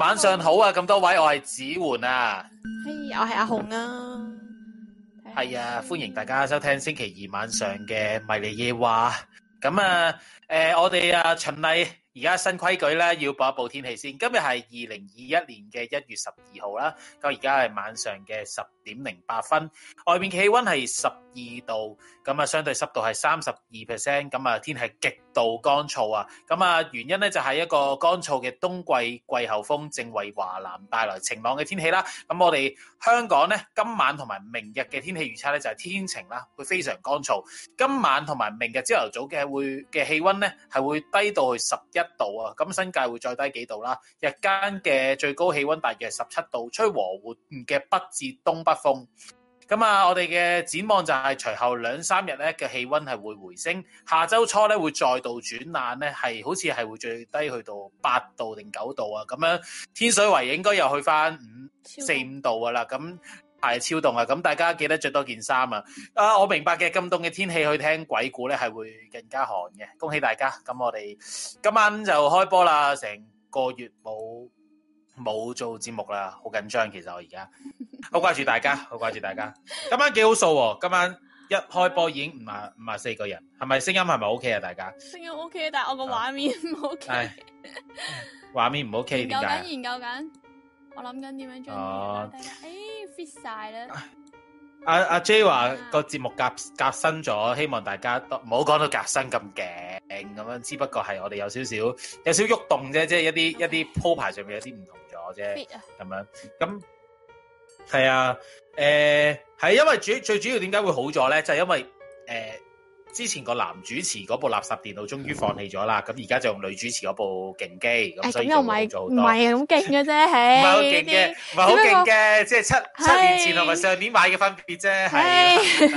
晚上好啊，咁多位，我係子桓啊，係，我係阿紅啊，係啊，歡迎大家收聽星期二晚上嘅迷離夜話。咁啊，誒，我哋啊循例而家新規矩咧，要播一部天氣先。今日係二零二一年嘅一月十二號啦，咁而家係晚上嘅十點零八分，外面氣温係十二度，咁啊，相對濕度係三十二 percent，咁啊，天氣極度乾燥啊，咁啊，原因咧就係一個乾燥嘅冬季季候風正為華南帶來晴朗嘅天氣啦。咁我哋香港咧今晚同埋明日嘅天氣預測咧就係天晴啦，會非常乾燥。今晚同埋明日朝頭早嘅會嘅氣温咧係會低到去十一度啊，咁新界會再低幾度啦。日間嘅最高氣温大約十七度，吹和緩嘅北至東北北風，咁啊，我哋嘅展望就係隨後兩三日咧嘅氣温係會回升，下周初咧會再度轉冷咧，係好似係會最低去到八度定九度啊，咁樣天水圍應該又去返五四五度噶啦，咁係超凍啊，咁大家記得着多件衫啊，啊，我明白嘅，咁凍嘅天氣去聽鬼故咧係會更加寒嘅，恭喜大家，咁我哋今晚就開波啦，成個月冇。冇做節目啦，好緊張。其實我而家好掛住大家，好掛住大家。今晚幾好數、啊，今晚一開播已經五啊五啊四個人，係咪聲音係咪 O K 啊？大家聲音 O、OK, K，但係我個畫面唔 O K。畫面唔 O K，點解？研究緊，研究緊，我諗緊點樣做。哦、啊，誒、哎、fit 晒啦、啊。阿阿 J 話個節目夾夾新咗，希望大家都唔好講到夾新咁勁咁樣，只不過係我哋有少少有少喐動啫，即係一啲、okay. 一啲鋪排上面有啲唔同。啫，咁樣咁係啊，誒，係因為主最主要點解會好咗咧？就係因為誒，之前個男主持嗰部垃圾電腦終於放棄咗啦，咁而家就用女主持嗰部勁機，咁所以就好咗好多。唔係啊，咁勁嘅啫，係唔係好勁嘅？唔係好勁嘅，即係七七年前同埋上年買嘅分別啫，係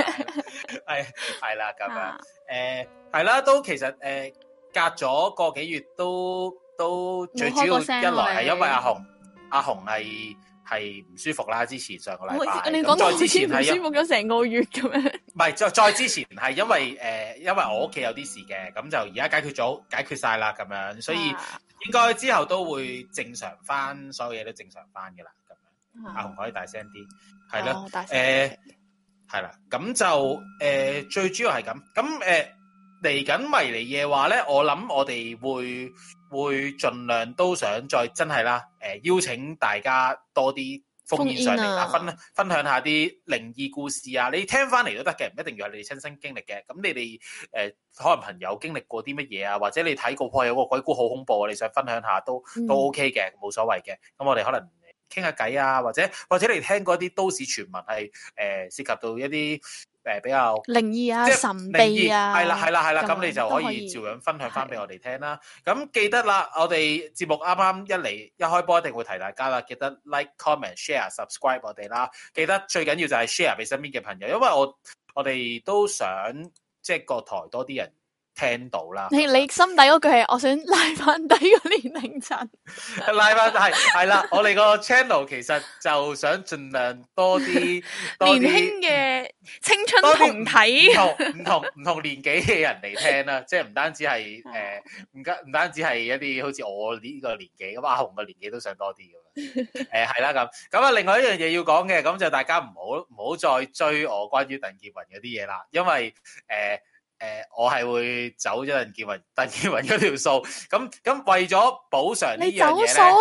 係係啦，咁樣，誒，係啦，都其實誒，隔咗個幾月都都最主要一來係因為阿紅。阿紅係係唔舒服啦，之前上個禮拜，你講到之前唔舒服咗成個月咁樣。唔係，再再之前係因為誒，因為我屋企有啲事嘅，咁就而家解決咗，解決曬啦咁樣，所以應該之後都會正常翻，所有嘢都正常翻噶啦。咁樣，阿紅可以大聲啲，係囉，誒，係啦，咁就誒最主要係咁，咁誒嚟緊迷離夜話咧，我諗我哋會，會盡量都想再真係啦、呃，邀請大家多啲烽煙上嚟、啊、分分享一下啲靈異故事啊。你聽翻嚟都得嘅，唔一定要係你親身經歷嘅。咁你哋、呃、可能朋友經歷過啲乜嘢啊，或者你睇過，哇，有個鬼故好恐怖啊，你想分享下都、嗯、都 OK 嘅，冇所謂嘅。咁我哋可能傾下偈啊，或者或者你聽過一啲都市傳聞係誒、呃、涉及到一啲。誒比較靈異啊、即係靈異，神秘啊，係啦，係啦，係啦，咁你就可以，可以照樣分享翻俾我哋聽啦。咁記得啦，我哋節目啱啱一嚟一開波，一定會提大家啦。記得 like、comment、share、subscribe 我哋啦。記得最緊要就係 share 俾身邊嘅朋友，因為我我哋都想即係個台多啲人。聽到啦，你你心底嗰句係我想拉翻底個年齡層，拉翻係係啦，我哋個 channel 其實就想盡量多啲年輕嘅青春同體，唔同唔同年紀嘅人嚟聽啦，即係唔單止係誒，唔唔單止係一啲好似我呢個年紀咁，阿紅嘅年紀都想多啲咁，誒係啦咁，咁啊另外一樣嘢要講嘅，咁就大家唔好唔好再追我關於鄧健雲嗰啲嘢啦，因為誒。誒、呃，我係會走咗鄧建雲鄧建雲嗰條數，咁咁為咗補償呢樣嘢咧，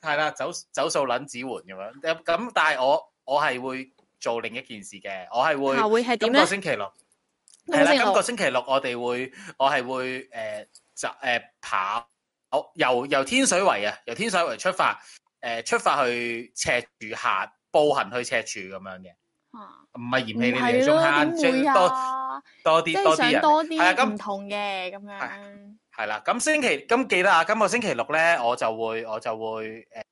係啦，走走數捻指換咁樣，咁但係我我係會做另一件事嘅，我係會，會係點咧？今個星期六係啦，今個星期六我哋會，我係會誒就誒跑，由由天水圍啊，由天水圍出發，誒、呃、出發去赤柱下，步行去赤柱咁樣嘅。唔、啊、係嫌棄、啊、你哋中慳、啊，即係多多啲，多啲人，係啊，咁唔同嘅咁樣。係啦、啊，咁、啊、星期，咁記得啊，今個星期六咧，我就會，我就會，誒、呃，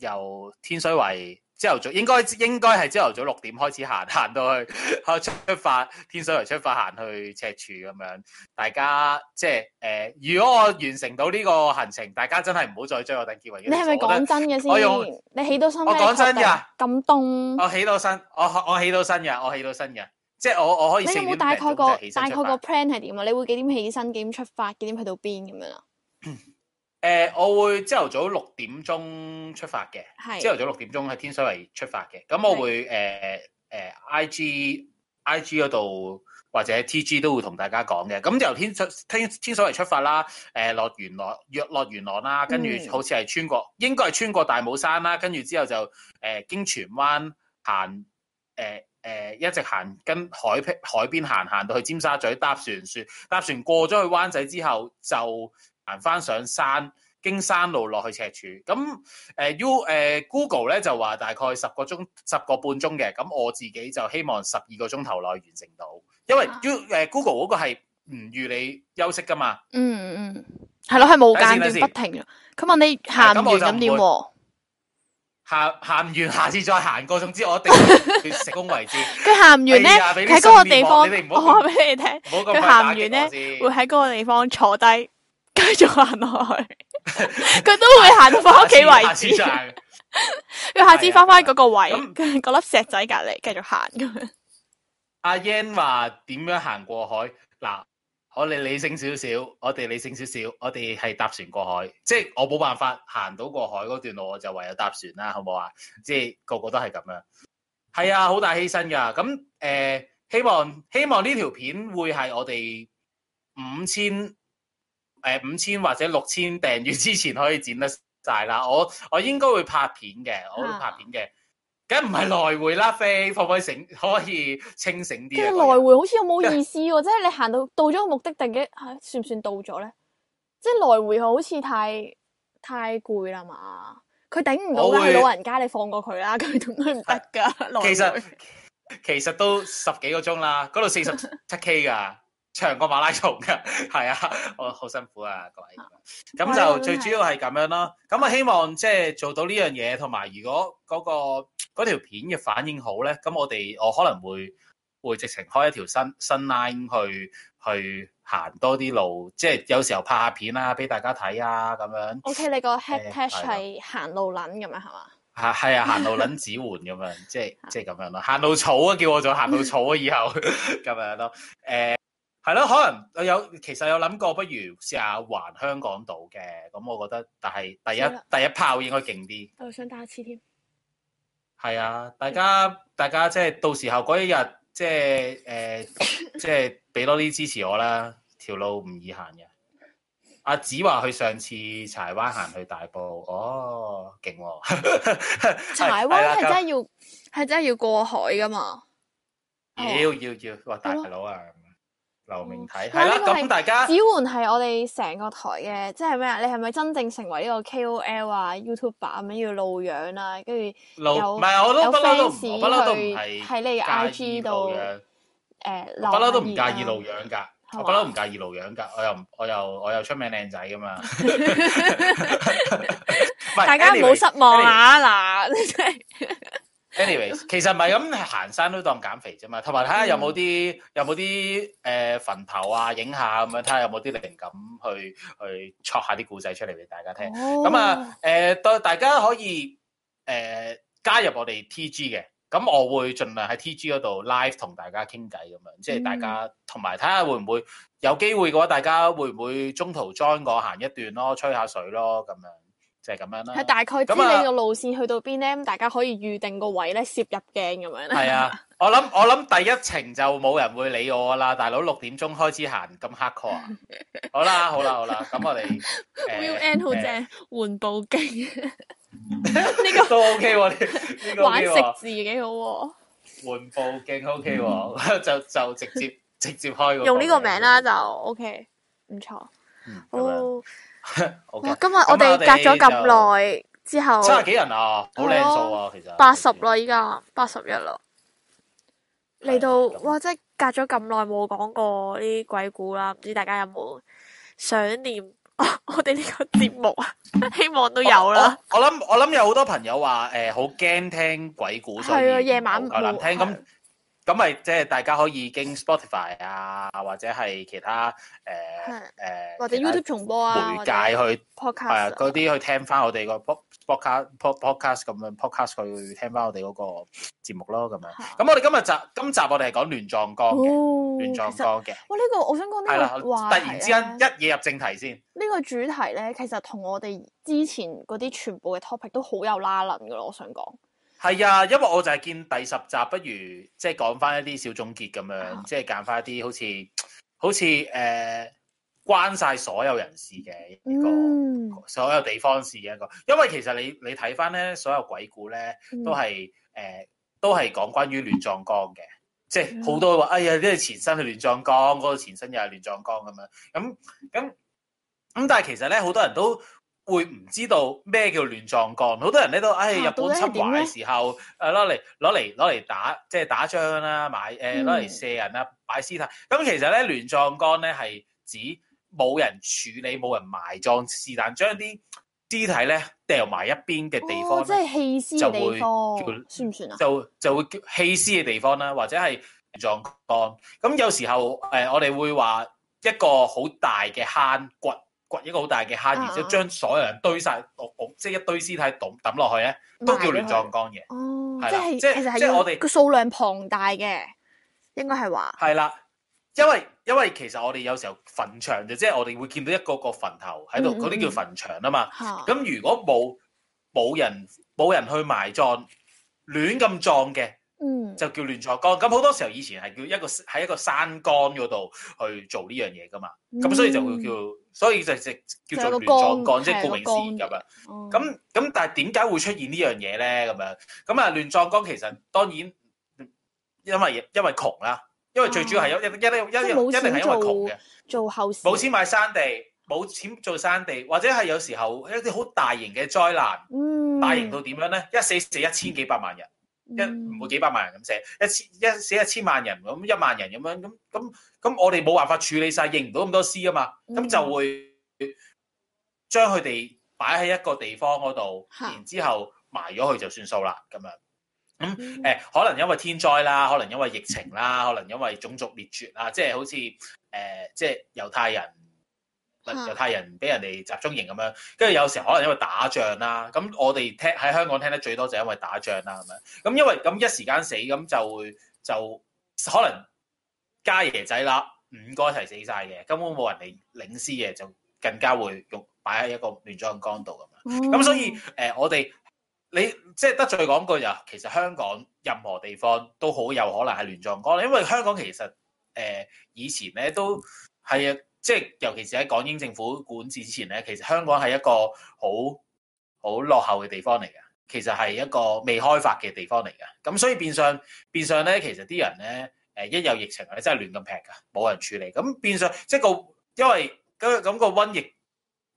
由天水圍。朝頭早應該應該係朝頭早六點開始行，行到去，出發，天水圍出發行去赤柱咁樣。大家即係誒、呃，如果我完成到呢個行程，大家真係唔好再追我鄧杰偉。你係咪講真嘅先？我，我你起到身，我講真噶，咁凍。我起到身，我我起到身嘅。我起到身嘅，即係我我可以。你有冇大，大概個大概個 plan 係點啊？你會幾點起身？幾點出發？幾點去到邊咁樣啊？ 誒、呃，我會朝頭早六點鐘出發嘅，朝頭早六點鐘喺天水圍出發嘅。咁我會誒誒、呃呃、IG IG 嗰度或者 TG 都會同大家講嘅。咁由天水天天水圍出發啦，誒、呃、落元朗，約落元朗啦，跟住好似係穿過，嗯、應該係穿過大帽山啦，跟住之後就誒經荃灣行，誒、呃、誒、呃、一直行跟海邊海邊行，行到去尖沙咀搭船搭船搭船過咗去灣仔之後就，行翻上山，經山路落去赤柱。咁誒，U 誒，Google 咧就話大概十個鐘、十個半鐘嘅。咁我自己就希望十二個鐘頭內完成到，因為 U 誒、呃、Google 嗰個係唔預你休息噶嘛。嗯嗯，係、嗯、咯，係冇間斷不停的。佢問你行唔完咁點？行行唔完，下次再行過。總之我一定成功為止。佢 行唔完咧，喺、哎、嗰個地方，我話俾你，你聽，佢行唔完咧，會喺嗰個地方坐低。繼續行落去，佢都會行到翻屋企位置。佢下次翻翻嗰個位，跟住嗰粒石仔隔籬繼續行咁、啊、 樣。阿 Yan 話點樣行過海？嗱，我哋理性少少，我哋理性少少，我哋係搭船過海。即、就、係、是、我冇辦法行到過海嗰段路，我就唯有搭船啦，好唔好啊？即、就、係、是、個個都係咁樣。係啊，好大犧牲噶。咁誒、呃，希望希望呢條片會係我哋五千。誒、呃，五千或者六千訂閱之前可以剪得晒啦。我我應該會拍片嘅，我會拍片嘅，梗唔係來回啦， 飛可唔可以醒，可以清醒啲？即係來回好似有冇意思喎、啊， 即係你行到到咗個目的地，嘅，算唔算到咗咧？即係來回好似太太攰啦嘛，佢頂唔到噶，老人家，你放過佢啦，咁佢都唔得噶。 其實 其實都十幾個鐘啦，嗰度四十七 K 噶。 長過馬拉松噶，係啊，我好辛苦啊，各位。咁就最主要係咁樣咯。咁我希望即係做到呢樣嘢，同埋如果嗰、那個嗰條片嘅反應好咧，咁我哋我可能會會直情開一條新新 line 去去行多啲路，即係有時候拍下片啦、啊，俾大家睇啊，咁樣。O、okay, K，你個 head touch 係、欸、行路捻咁樣係嘛？係係啊，啊，行路捻指換咁樣， 即係即係咁樣咯。行路草啊，叫我做行路草啊，以後咁樣咯，誒、欸。係咯，可能有其實有諗過，不如試下環香港島嘅，咁我覺得，但係第一是第一炮應該勁啲。我想打一次添。係啊，大家大家即係到時候嗰一日，即係誒，即係俾多啲支持我啦，條路唔易行嘅。阿子話去上次柴灣行去大埔，哦，勁喎！ 柴灣係真係要係真係要過海㗎嘛？要要要，我大佬啊！劉明睇係啦，咁、這個、大家。子桓係我哋成個台嘅，即係咩啊？你係咪真正成為呢個 KOL 啊？YouTube 啊咁樣要露樣啊跟住，有，唔係我，我，我都不嬲都，不嬲都係喺你嘅 IG 度嘅。誒，不嬲都唔介意露樣噶，呃啊、我都不嬲唔介意露樣噶，我又我又我又出名靚仔噶嘛。 anyway, 大家唔好失望啊！嗱，即係。Anyway, 其實唔係咁行山都當減肥啫嘛，同埋睇下有冇啲有冇啲誒墳頭啊，影下咁樣，睇下有冇啲靈感去去戳下啲故仔出嚟俾大家聽。咁、哦、啊、呃、大家可以誒、呃、加入我哋 TG 嘅，咁我會盡量喺 TG 嗰度 live 同大家傾偈咁樣，即、就、係、是、大家同埋睇下會唔會有機會嘅話，大家會唔會中途 join 我行一段咯，吹下水咯咁樣。就係、是、咁樣啦。係大概知你個路線去到邊咧、啊，大家可以預定個位咧，攝入鏡咁樣。係啊，我諗我諗第一程就冇人會理我啦，大佬六點鐘開始行咁 hard core 啊！ 好啦好啦好啦，咁我哋 Will end 好正，換部鏡呢個都 OK 喎、啊，呢個、玩食字幾好喎。換部鏡 OK 喎、啊， 就就直接直接開、那個、用呢個名啦，就 OK 唔錯哦。嗯好。哇！今日我哋隔咗咁耐之後，七十幾人啊，好靚數啊，其實八十啦，依家八十一啦，嚟到哇！真係隔咗咁耐冇講過啲鬼故啦，唔知大家有冇想念我哋呢個節目？希望都有啦。我諗我諗有好多朋友話誒，好驚聽鬼故，係啊，夜晚唔聽咁。咁咪即係大家可以經 Spotify 啊，或者係其他誒誒、呃、或者 YouTube 重播啊，媒介去 podcast，係啊嗰啲去聽翻我哋個 pod podcast podcast 咁樣 podcast 去聽翻我哋嗰個節目咯，咁樣。咁我哋今日集今集我哋係講亂葬崗嘅，亂葬崗嘅。哇！呢、哦這個我想講呢、這個話，突然之間一嘢入正題先。呢、這個主題咧，其實同我哋之前嗰啲全部嘅 topic 都好有拉褦噶咯，我想講。係啊，因為我就係見第十集，不如即係講翻一啲小總結咁樣，即係揀翻一啲好似好似誒、呃、關晒所有人事嘅呢個、嗯，所有地方事嘅一個。因為其實你你睇翻咧，所有鬼故咧都係誒、呃、都係講關於亂葬崗嘅，即係好多話，哎呀，呢度前身係亂葬崗，嗰、嗰個前身又係亂葬崗咁樣，咁咁咁，但係其實咧好多人都，會唔知道咩叫亂葬崗？好多人咧都，唉、哎，日本侵華嘅時候攞嚟，誒，攞嚟攞嚟攞嚟打，即係打仗啦、啊，買誒，攞嚟卸人啦、啊，擺屍體。咁其實咧，亂葬崗咧係指冇人處理、冇人埋葬，一屍體一哦、是但將啲屍體咧掉埋一邊嘅地方，即係棄屍嘅地方，算唔算啊？就就會叫棄屍嘅地方啦、啊，或者係亂葬崗。咁有時候，誒、呃，我哋會話一個好大嘅坑骨。一個好大嘅坑，然之後將所有人堆晒，即、就是、一堆屍體抌落去咧，都叫亂葬崗嘅。哦，即係即係，即係、就是、我哋個數量龐大嘅，應該係話係啦。因為因為其實我哋有時候墳場就即、是、係我哋會見到一個一個墳頭喺度，嗰、嗯、啲叫墳場啊嘛。咁、啊、如果冇冇人冇人去埋葬，亂咁葬嘅。嗯，就叫亂葬崗，咁好多時候以前係叫一個喺一個山崗嗰度去做呢樣嘢噶嘛，咁、嗯、所以就會叫，所以就叫做亂葬崗，即係顧名思義咁樣。咁、嗯、咁，但係點解會出現這件事呢樣嘢咧？咁樣咁啊，亂葬崗其實當然因為因為窮啦，因為最主要係、啊、有一是因為一定係因為窮嘅，做後事冇錢買山地，冇錢做山地，或者係有時候一啲好大型嘅災難、嗯，大型到點樣咧？一死死一千幾百萬人。嗯一、嗯、唔會幾百萬人咁寫，一千一寫一千萬人咁，一萬人咁樣咁咁咁，我哋冇辦法處理晒，認唔到咁多屍啊嘛，咁就會將佢哋擺喺一個地方嗰度，然之後埋咗佢就算數啦，咁樣咁誒、呃，可能因為天災啦，可能因為疫情啦，可能因為種族滅絕啦，即、就、係、是、好似誒，即係猶太人。猶太人俾人哋集中營咁樣，跟住有時可能因為打仗啦，咁我哋喺香港聽得最多就因為打仗啦咁樣咁，因為咁一時間死咁，就會就可能家爺仔啦五個一齊死晒嘅，根本冇人嚟領屍嘅，就更加會擺喺一個亂葬崗度咁樣咁，所以、呃、我哋你即係得罪講句就，其實香港任何地方都好有可能係亂葬崗，因為香港其實、呃、以前咧都係啊。即係，尤其是喺港英政府管治之前咧，其實香港係一個好好落後嘅地方嚟嘅，其實係一個未開發嘅地方嚟嘅。咁所以變相變相咧，其實啲人咧，誒一有疫情你真係亂咁劈㗎，冇人處理。咁變相即係個，因為咁咁個瘟疫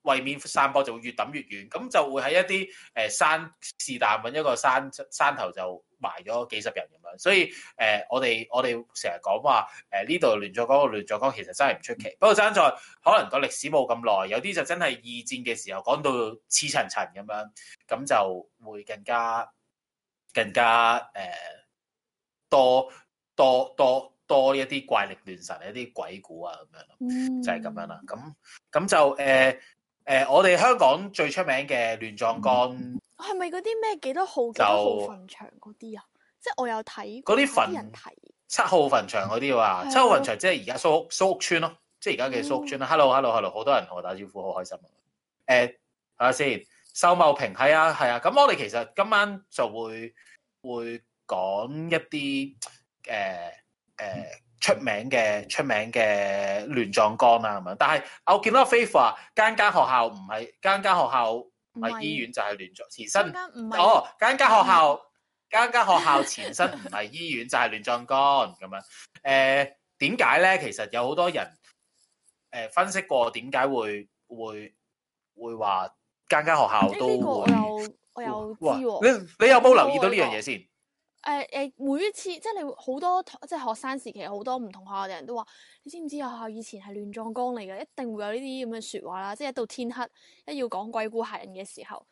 為免散播就會越抌越遠，咁就會喺一啲誒山是但揾一個山山頭就，埋咗幾十人咁樣，所以、呃、我哋我哋成日講話呃、呢度亂葬崗個亂葬崗，其實真係唔出奇。不過爭在可能個歷史冇咁耐，有啲就真係二戰嘅時候講到似層層咁樣，咁就會更加更加、呃、多多多多一啲怪力亂神一啲鬼故啊咁樣，咯、mm -hmm，就係咁樣啦。咁咁就呃、呃、我哋香港最出名嘅亂葬崗。係咪嗰啲咩幾多號幾多號墳場嗰啲啊？即係我有睇嗰啲墳七號墳場嗰啲話，七號墳場即係而家蘇屋蘇屋村咯，即係而家嘅蘇屋村啦。Hello，Hello，Hello，、嗯、hello, hello, 好多人同我打招呼，好開心啊！誒，睇下先，秀茂平，係啊，係啊，咁我哋其實今晚就會會講一啲誒誒出名嘅出名嘅亂葬崗啊。咁樣。但係我見到 Facebook 啊，間間、no、學校唔係間間學校。唔係醫院就係亂葬前身間間，哦，間間學校、嗯、間間學校前身唔係醫院就係亂葬崗，咁樣，誒點解咧？其實有好多人誒分析過點解會會會話間間學校都會。呢個、有我有知、啊、哇你你有冇留意到呢樣嘢先？誒、呃、誒，每一次即係你好多即係學生時期，好多唔同學校嘅人都話，你知唔知學校、啊、以前係亂葬崗嚟嘅，一定會有呢啲咁嘅說話啦。即係一到天黑，一要講鬼故嚇人嘅時候，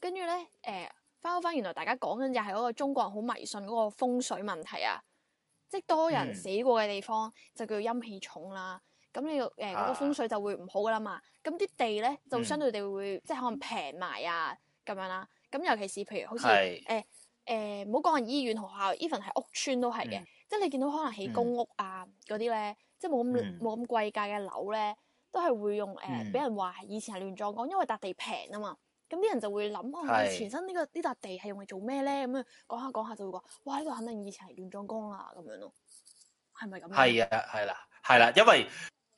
跟住咧誒，翻、呃、翻原來大家講緊就係嗰個中國人好迷信嗰個風水問題啊。即係多人死過嘅地方就叫陰氣重啦，咁、嗯、你誒嗰、呃嗰個風水就會唔好噶啦嘛。咁啲地咧就相對地會、嗯、即係可能平埋啊咁樣啦、啊。咁尤其是譬如好似誒。誒唔好講話醫院學校，even 係屋村都係嘅、嗯，即係你見到可能起公屋啊嗰啲咧，即係冇咁冇咁貴價嘅樓咧，都係會用誒，俾、呃嗯、人話係以前係亂葬崗，因為笪地平啊嘛，咁啲人就會諗哦，啊、前身呢個呢笪地係用嚟做咩咧？咁樣講下講下就會講，哇呢度肯定以前係亂葬崗啦咁樣咯，係咪咁樣？係啊，係啦，係啦，因為。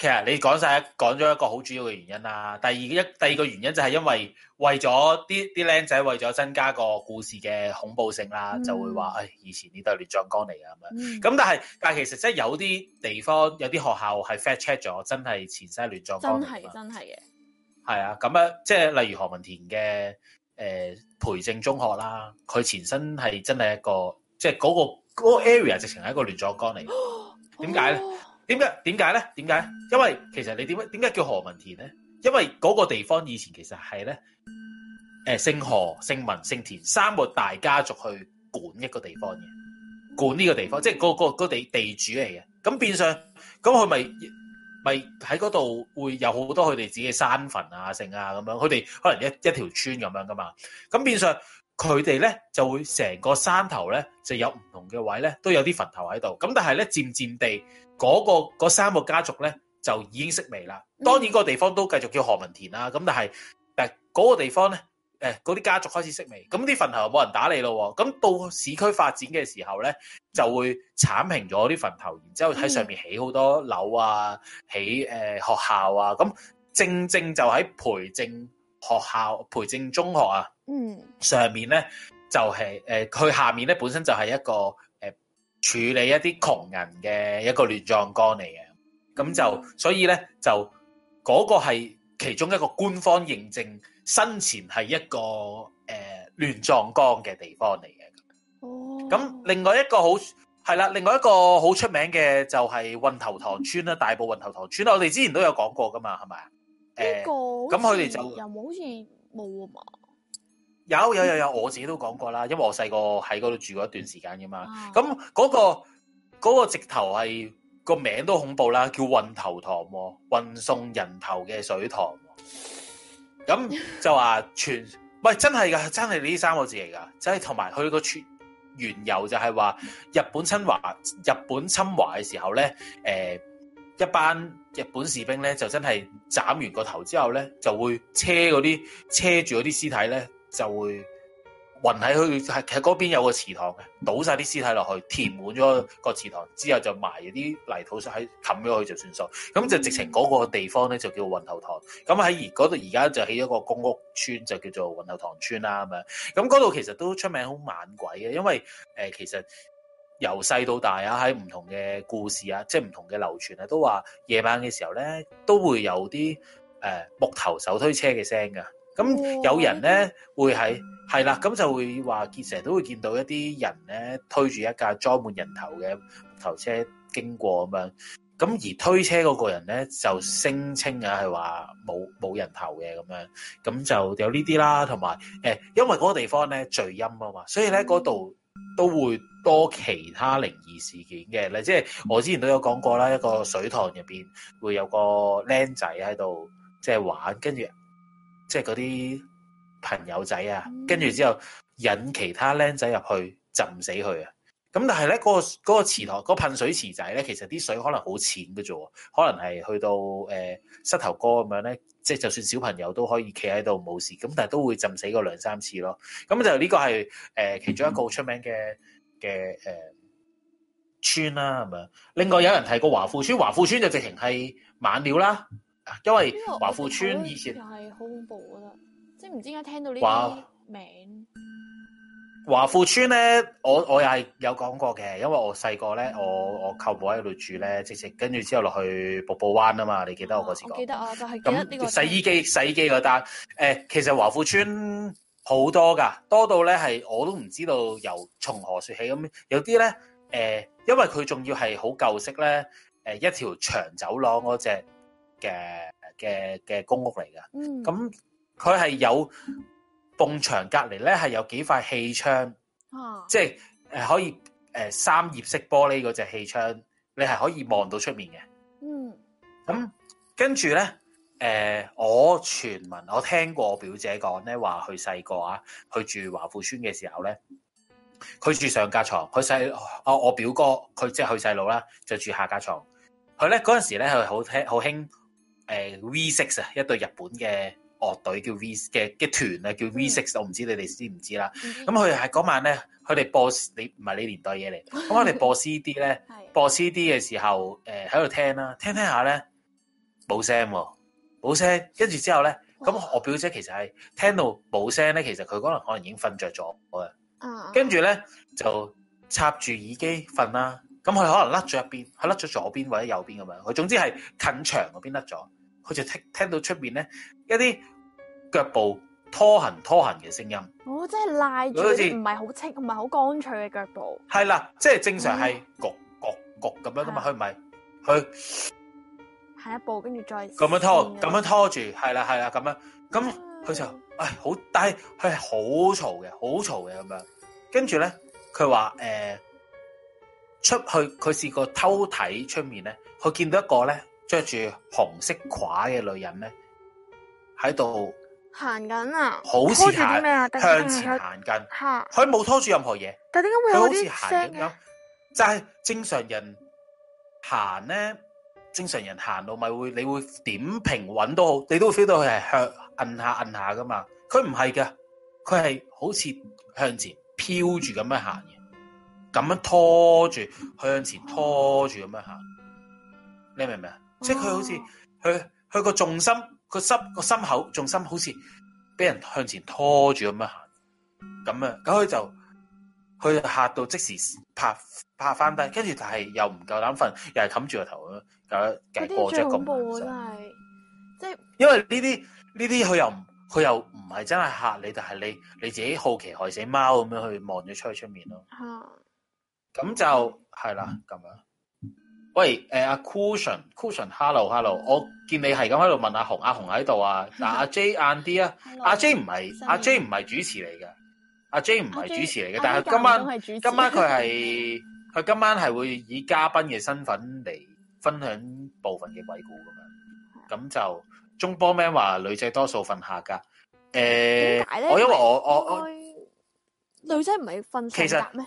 其實你講晒講咗一個好主要嘅原因啦，第二一第二個原因就係因為為咗啲啲僆仔為咗增加個故事嘅恐怖性啦，嗯，就會話誒、哎、以前呢度係亂葬崗嚟嘅咁樣，咁、嗯、但係但係其實即係有啲地方有啲學校係 fact check 咗，真係前身亂葬崗嚟，真係真係嘅，係啊，咁啊，即係例如何文田嘅誒培正中學啦，佢前身係真係一個即係嗰個嗰、那個、area 直情係一個亂葬崗嚟，點解咧？哦點解？點解咧？點解？因為其實你點解點解叫何文田咧？因為嗰個地方以前其實係咧，誒，姓何、姓文、姓田三個大家族去管一個地方嘅，管呢個地方，即係個個個地地主嚟嘅。咁變相，咁佢咪咪喺嗰度會有好多佢哋自己嘅山墳啊、姓啊咁樣，佢哋可能一一條村咁樣噶嘛。咁變相。佢哋咧就會成個山頭咧就有唔同嘅位咧都有啲墳頭喺度，咁但係咧漸漸地嗰、嗰個嗰三個家族咧就已經式微啦，當然個地方都繼續叫何文田啦，咁但係誒嗰個地方咧誒嗰啲家族開始式微，咁啲墳頭又冇人打理咯。咁到市區發展嘅時候咧就會剷平咗啲墳頭，然之後喺上面起好多樓啊，起、呃、學校啊，咁正正就喺培正。學校培正中學啊，嗯，上面咧就係、是、誒，佢、呃、下面咧本身就係一個誒、呃、處理一啲窮人嘅一個亂葬崗嚟嘅，咁就所以咧就嗰、那個係其中一個官方認證生前係一個誒亂葬崗嘅地方嚟嘅。哦，咁另外一個好係啦，另外一個好出名嘅就係運頭塘村啦，大埔運頭塘村，我哋之前都有講過噶嘛，係咪啊？呢、嗯這個咁佢哋就又冇好似冇啊嘛？有有有有，有，有，我自己都講過啦，因為我細個喺嗰度住過一段時間噶嘛。咁、嗯、嗰、嗯那個、那個直頭係個名都恐怖啦，叫運頭塘，運送人頭嘅水塘。咁就話全， 喂，真係噶，真係呢三個字嚟噶，即係同埋佢個原由就係話日本侵華，日本侵華嘅時候咧，誒、呃。一班日本士兵咧，就真係斬完個頭之後咧，就會車嗰啲車住嗰啲屍體咧，就會運喺去喺嗰邊有個祠堂嘅，倒晒啲屍體落去，填滿咗個祠堂之後就埋啲泥土喺冚咗佢就算數，咁就直情嗰個地方咧就叫雲頭塘，咁喺嗰度而家就起咗個公屋村就叫做雲頭塘村啦咁樣，咁嗰度其實都出名好猛鬼嘅，因為、呃、其實。由細到大啊，喺唔同嘅故事啊，即係唔同嘅流傳啊，都話夜晚嘅時候咧，都會有啲誒木頭手推車嘅聲噶。咁有人咧會係係啦，咁就會話成日都會見到一啲人咧推住一架裝滿人頭嘅木頭車經過咁樣。咁而推車嗰個人咧就聲稱啊係話冇冇人頭嘅咁樣。咁就有呢啲啦，同埋誒，因為嗰個地方咧聚陰啊嘛，所以咧嗰度。都會多其他靈異事件嘅，即係我之前都有講過啦，一個水塘入邊會有個僆仔喺度即係玩，跟住即係嗰啲朋友仔啊，跟住之後引其他僆仔入去浸死佢啊！咁但係咧，嗰、嗰個、嗰個池塘，個噴水池仔咧，其實啲水可能好淺嘅啫，可能係去到誒、呃、膝頭哥咁樣咧，即係就算小朋友都可以企喺度冇事。咁但係都會浸死過兩三次咯。咁就呢個係誒、呃、其中一個好出名嘅嘅誒村啦，係咪？另外有人提過華富村，華富村就直情係猛料啦，因為華富村以前係好恐怖啊，即係唔知點解聽到呢啲名。華富村咧，我我又係有講過嘅，因為我細個咧，我我舅母喺度住咧，直直跟住之後落去瀑布灣啊嘛，你記得我嗰時講？啊、記得啊，但係記得洗衣機洗機嗰單，誒、這個呃，其實華富村好多噶，多到咧係我都唔知道由從何説起，咁有啲咧，誒、呃，因為佢仲要係好舊式咧，誒，一條長走廊嗰隻嘅嘅嘅公屋嚟嘅，嗯，咁佢係有。埲牆隔離咧係有幾塊氣窗，oh. 即係誒、呃、可以誒、呃、三葉式玻璃嗰隻氣窗，你係可以望到出面嘅、mm. 嗯。嗯，咁跟住咧誒，我傳聞我聽過我表姐講咧話，佢細個啊，佢住華富邨嘅時候咧，佢住上架床，佢細啊我表哥佢即係佢細佬啦，就,就住下架床。佢咧嗰陣時咧係好聽好興誒 V6 啊，呃、V6, 一對日本嘅。樂隊叫 V 嘅嘅團啊，叫 V Six，我唔知你哋知唔知啦。咁佢係嗰晚咧，佢哋播你唔係你年代嘢嚟。咁我哋播 CD 咧，播 CD 嘅時候，誒喺度聽啦，聽聽下咧冇聲喎，冇聲。跟住之後咧，咁我表姐其實係聽到冇聲咧，其實佢可能可能已經瞓着咗嘅。嗯、啊，跟住咧就插住耳機瞓啦。咁佢可能甩咗一邊，佢甩咗左邊或者右邊咁樣。佢總之係近場嗰邊甩咗。佢就聽聽到出邊咧一啲腳步拖行拖行嘅聲音，哦，即係賴住唔係好清唔係好乾脆嘅腳步，係啦，即係正常係焗、嗯、焗焗咁樣噶嘛，佢唔係佢下一步跟住再咁樣拖咁樣咁樣拖住，係啦係啦咁樣，咁佢、嗯、就唉好、哎，但係佢係好嘈嘅，好嘈嘅咁樣，跟住咧佢話誒出去，佢試過偷睇出面咧，佢見到一個咧。着住紅色垮嘅女人咧，喺度行緊啊！好似行向前行緊，佢冇拖住任何嘢。但係點解會有啲、啊、就係、是、正常人行咧，正常人行路咪會你會點平穩都好，你都會 feel 到佢係向摁下摁下噶嘛。佢唔係嘅，佢係好似向前飄住咁樣行嘅，咁樣拖住向前拖住咁樣行，你明唔明啊？即係佢好似佢佢個重心個心個心口重心好似俾人向前拖住咁樣行，咁樣，咁佢就佢嚇到即時拍拍翻低，跟住但係又唔夠膽瞓，又係冚住個頭咯，又過咗咁耐。呢啲最恐怖係，即係、就是、因為呢啲呢啲佢又唔，佢又唔係真係嚇你，但係你你自己好奇害死貓咁樣去望咗出去出面咯。咁、啊、就係啦咁、嗯、樣。喂，誒、啊、阿 Cushion，Cushion，hello，hello，我見你係咁喺度問阿紅，阿紅喺度啊，嗱阿 Jay 晏啲啊， 阿 Jay 唔係，阿 Jay 唔係主持嚟嘅。阿 Jay 唔係主持嚟嘅，啊、J, 但係今晚是今晚佢係佢今晚係會以嘉賓嘅身份嚟分享部分嘅鬼故咁樣，咁就中波 man 話女仔多數瞓下噶，誒、呃，我因為我因為我我女仔唔係瞓下咩？其實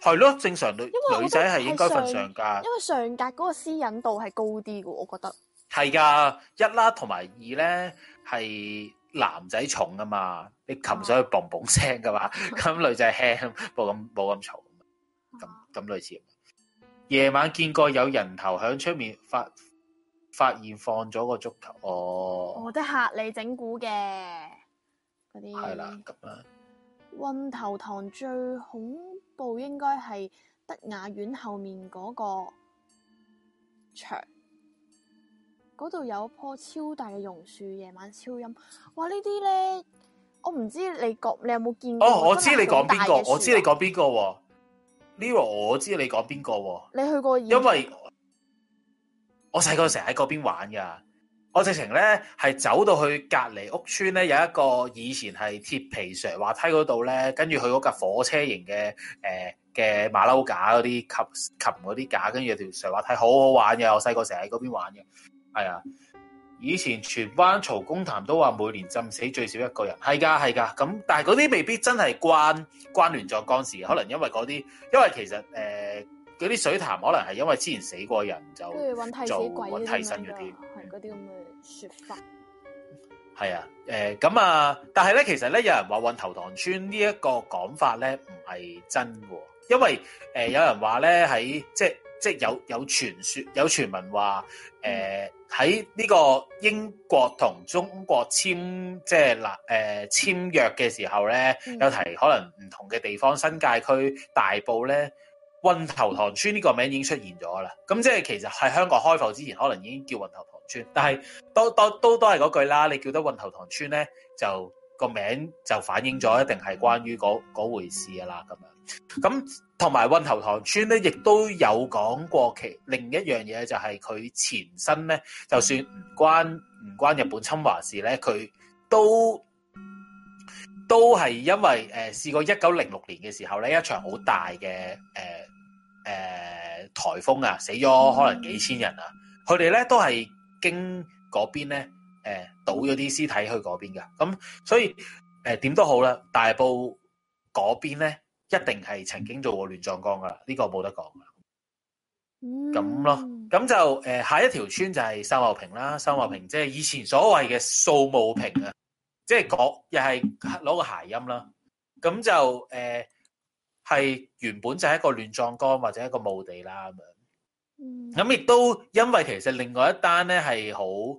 係咯，正常女女仔係應該瞓上格，因為上格嗰個私隱度係高啲嘅。我覺得係噶一啦，同埋二咧係男仔重啊嘛，你擒上去嘣嘣聲噶嘛，咁 女仔輕，冇咁冇咁嘈，咁咁 類似。夜晚見過有人頭響出面發發現放咗個足球哦，我都吓你整蠱嘅嗰啲係啦，咁啊，運頭堂最恐。部應該係德雅苑後面嗰個場，嗰度有一棵超大嘅榕樹，夜晚超陰。哇！呢啲咧，我唔知你講，你有冇見過？哦，我知你講邊個，我知你講邊個喎。呢個我知你講邊個喎。Lero, 我知你講邊個。你去過？因為我細個成日喺嗰邊玩噶。我直情咧係走到去隔離屋村咧，有一個以前係鐵皮石滑梯嗰度咧，跟住佢嗰架火車型嘅誒嘅馬騮架嗰啲琴琴嗰啲架，跟住條石滑梯好好玩嘅，我細個成日喺嗰邊玩嘅。係啊，以前荃灣曹公潭都話每年浸死最少一個人，係㗎係㗎。咁但係嗰啲未必真係關關聯在嗰事，可能因為嗰啲，因為其實誒。呃嗰啲水潭可能係因為之前死過人就做揾替身嗰啲，係嗰啲咁嘅說法。係啊，誒咁啊，但係咧，其實咧，有人話運頭塘村這呢一個講法咧唔係真嘅，因為誒、呃、有人話咧喺即即有有傳說有傳聞話誒喺呢個英國同中國簽即嗱誒、呃、簽約嘅時候咧，有提可能唔同嘅地方新界區大埔咧。運頭塘村呢個名已經出現咗啦，咁即係其實係香港開埠之前可能已經叫運頭塘村，但係都都都都係嗰句啦，你叫得運頭塘村咧，就個名就反映咗一定係關於嗰回事噶啦咁樣。咁同埋運頭塘村咧，亦都有講過其另一樣嘢就係佢前身咧，就算唔關唔關日本侵華事咧，佢都。都係因為誒、呃、試過一九零六年嘅時候咧，一場好大嘅誒誒颱風啊，死咗可能幾千人啊。佢哋咧都係經嗰邊咧誒、呃、倒咗啲屍體去嗰邊嘅。咁所以誒點都好啦，大埔嗰邊咧一定係曾經做過亂葬崗噶啦，呢、呢個冇得講噶啦。咁、mm -hmm. 咯，咁就誒、呃、下一條村就係三茂坪啦，三茂坪即係以前所謂嘅掃墓坪。啊。即係講，又係攞個諧音啦。咁就誒，係原本就係一個亂葬崗或者一個墓地啦。咁樣，咁亦都因為其實另外一單咧係好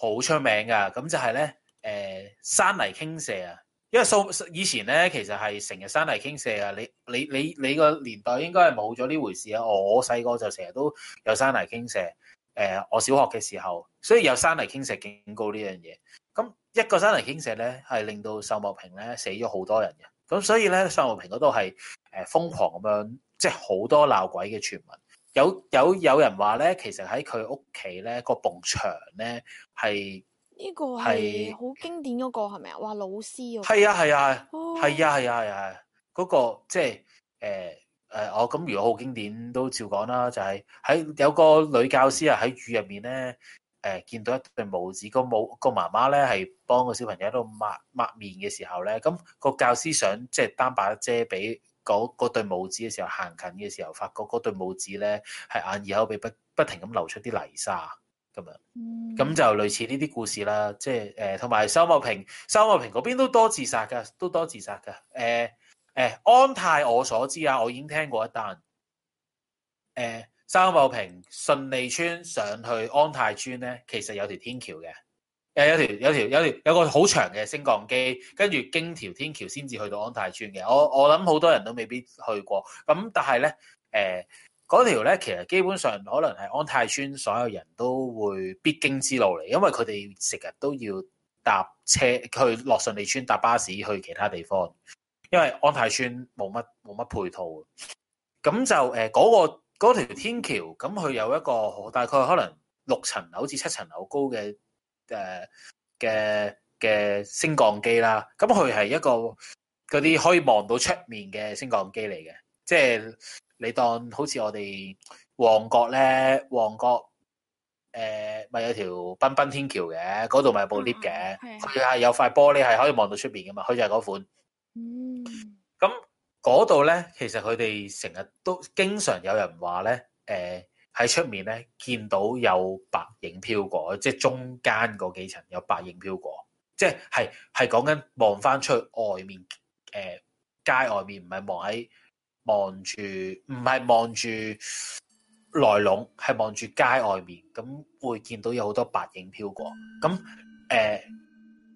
好出名噶。咁就係咧，誒，山泥傾瀉啊！因為以前咧，其實係成日山泥傾瀉啊。你你你你個年代應該係冇咗呢回事啊。我細個就成日都有山泥傾瀉。誒，我小學嘅時候，所以有山泥傾瀉警告呢樣嘢。咁一個山泥傾瀉咧，係令到秀茂坪咧死咗好多人嘅，咁所以咧秀茂坪嗰度係誒瘋狂咁樣，即係好多鬧鬼嘅傳聞。有有有人話咧，其實喺佢屋企咧個埲牆咧係呢個係好經典嗰、那個係咪、那個、啊？話老師啊，係啊係啊係啊係啊係啊嗰個即係誒誒、我、就、咁、是呃呃、如果好經典都照講啦，就係、是、喺有個女教師啊喺雨入面咧。誒、呃，見到一對母子，個母個媽媽咧係幫個小朋友喺度抹抹面嘅時候咧，咁、那個教師想即係擔把遮俾嗰嗰對母子嘅時候，行近嘅時候，發覺嗰對母子咧係眼耳口鼻不不停咁流出啲泥沙咁樣，咁就類似呢啲故事啦，即係誒，同、呃、埋秀茂坪、秀茂坪嗰邊都多自殺噶，都多自殺噶，誒、呃、誒、呃，安泰我所知啊，我已經聽過一單，誒、呃。秀茂坪順利村上去安泰村咧，其實有條天橋嘅，誒有條有條有條有個好長嘅升降機，跟住經條天橋先至去到安泰村嘅。我我諗好多人都未必去過，咁但係咧誒嗰條咧，其實基本上可能係安泰村所有人都會必經之路嚟，因為佢哋成日都要搭車去落順利村搭巴士去其他地方，因為安泰村冇乜冇乜配套。咁就誒嗰、呃嗰個。嗰條天橋咁，佢有一個大概可能六層樓，好似七層樓高嘅誒嘅嘅升降機啦。咁佢係一個嗰啲可以望到出面嘅升降機嚟嘅，即、就、係、是、你當好似我哋旺角咧，旺角誒咪、呃、有一條奔奔天橋嘅，嗰度咪有部 lift 嘅，佢、嗯、係有塊玻璃係可以望到出面噶嘛，佢就係嗰款。咁、嗯。嗰度咧，其實佢哋成日都經常有人話咧，呃、喺出面咧見到有白影飄過，即中間嗰幾層有白影飄過，即係係講緊望翻出去外面、呃、街外面，唔係望喺望住，唔係望住內籠，係望住街外面，咁會見到有好多白影飄過。咁誒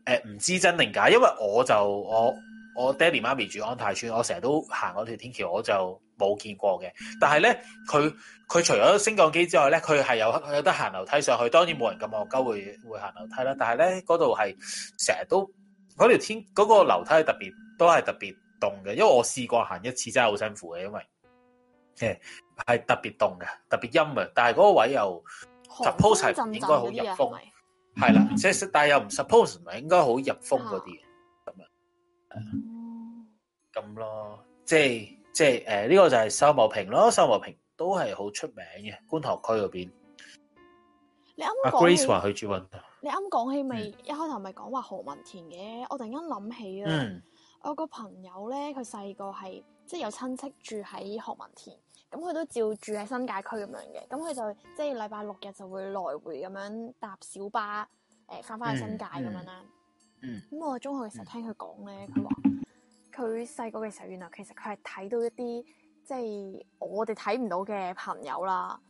誒唔知真定假，因為我就我。我爹哋媽咪住安泰村，我成日都行嗰條天橋，我就冇見過嘅。但係咧，佢佢除咗升降機之外咧，佢係有有得行樓梯上去。當然冇人咁惡鳩會會行樓梯啦。但係咧，嗰度係成日都嗰條天嗰、嗰個樓梯特別都係特別凍嘅，因為我試過行一次真係好辛苦嘅，因為誒係特別凍嘅，特別陰陣陣陣陣啊！ 但係嗰個位又 suppose 係應該好入風，係、啊、啦，即係但係又唔 suppose 唔係應該好入風嗰啲哦、嗯，咁咯，即係即係誒，呢、呃這個就係秀茂坪咯，秀茂坪都係好出名嘅觀塘區嗰邊。你啱講，你啱講起咪、嗯、一開頭咪講話何文田嘅，我突然間諗起啊、嗯，我個朋友咧，佢細個係即係有親戚住喺何文田，咁佢都照住喺新界區咁樣嘅，咁佢就即係禮拜六日就會來回咁樣搭小巴誒翻翻去新界咁樣啦。嗯嗯咁我喺中學嘅時候聽佢講咧，佢話佢細個嘅時候，原來其實佢係睇到一啲即係我哋睇唔到嘅朋友啦。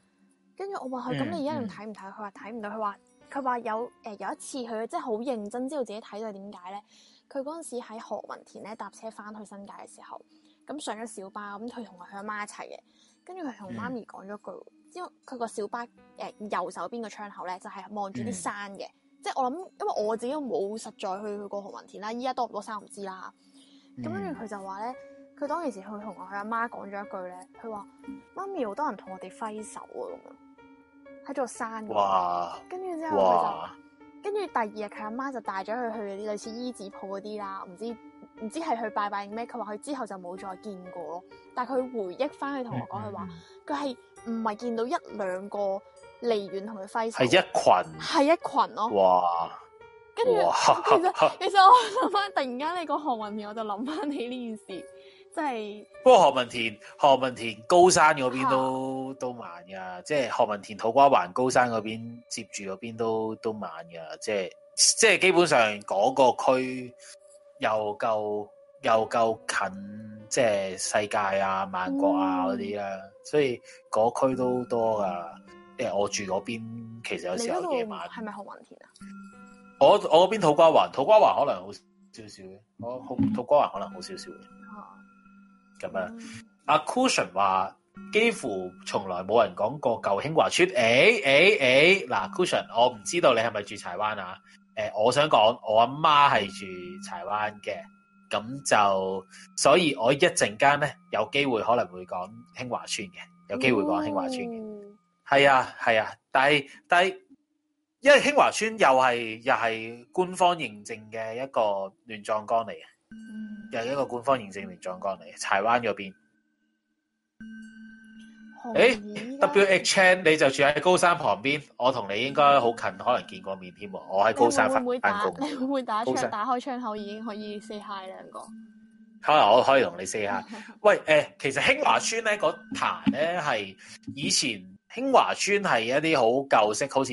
跟住我話：嗯「佢，咁你而家仲睇唔睇？佢話睇唔到。佢話佢話有誒、呃、有一次，佢即係好認真知道自己睇到點解咧？佢嗰陣時喺何文田咧搭車翻去新界嘅時候，咁、嗯、上咗小巴，咁佢同佢阿媽一齊嘅。跟住佢同媽咪講咗句，因為佢個小巴誒、呃、右手邊個窗口咧就係望住啲山嘅。嗯嗯即係我諗，因為我自己冇實在去過何文田啦，依家多唔多山唔知道啦。咁跟住佢就話咧，佢當其時佢同佢阿媽講咗一句咧，佢話媽咪好多人同我哋揮手啊，咁樣，喺座山，跟住之後佢就，跟住第二日佢阿媽就帶咗佢去嗰啲類似衣紙鋪嗰啲啦，唔知唔知係去拜拜咩？佢話佢之後就冇再見過咯，但係佢回憶翻去同我講佢話，佢係唔係見到一兩個？離遠同佢揮手，係一群，係一群咯、哦。哇，跟住，其實我諗翻，突然間你講何文田，我就諗翻起呢件事，真、就、係、是。不過何文田、何文田高山嗰邊都、啊、都猛噶，即係何文田土瓜灣高山嗰邊接住嗰邊都都猛噶，即係即係基本上嗰個區又夠又夠近，即係世界啊、萬國啊嗰啲啦，所以嗰區都多噶。嗯誒，我住嗰邊其實有時候夜晚係咪好云田啊？我我嗰邊土瓜灣，土瓜灣可能好少少嘅，我好土瓜灣可能好少少嘅。哦、啊，咁樣阿、嗯、Cushion 話，幾乎從來冇人講過舊興華村。誒誒誒，嗱、欸欸啊、Cushion，我唔知道你係咪住柴灣啊？誒、呃，我想講，我阿媽係住柴灣嘅，咁就所以，我一陣間咧有機會可能會講興華村嘅，有機會講興華村嘅。嗯係啊，係啊，但係但係，因為興華村又係又係官方認證嘅一個亂葬崗嚟嘅，又係一個官方認證亂葬崗嚟，柴灣嗰邊。誒、欸、，W H N 你就住喺高山旁邊，我同你應該好近、嗯，可能見過面添。我喺高山分辦公。你會唔會打窗？打開窗口已經可以 say hi 兩個。可能我可以同你 say hi。 喂，誒、欸，其實興華村咧，嗰壇咧係以前。興華村係一啲好舊式，好似誒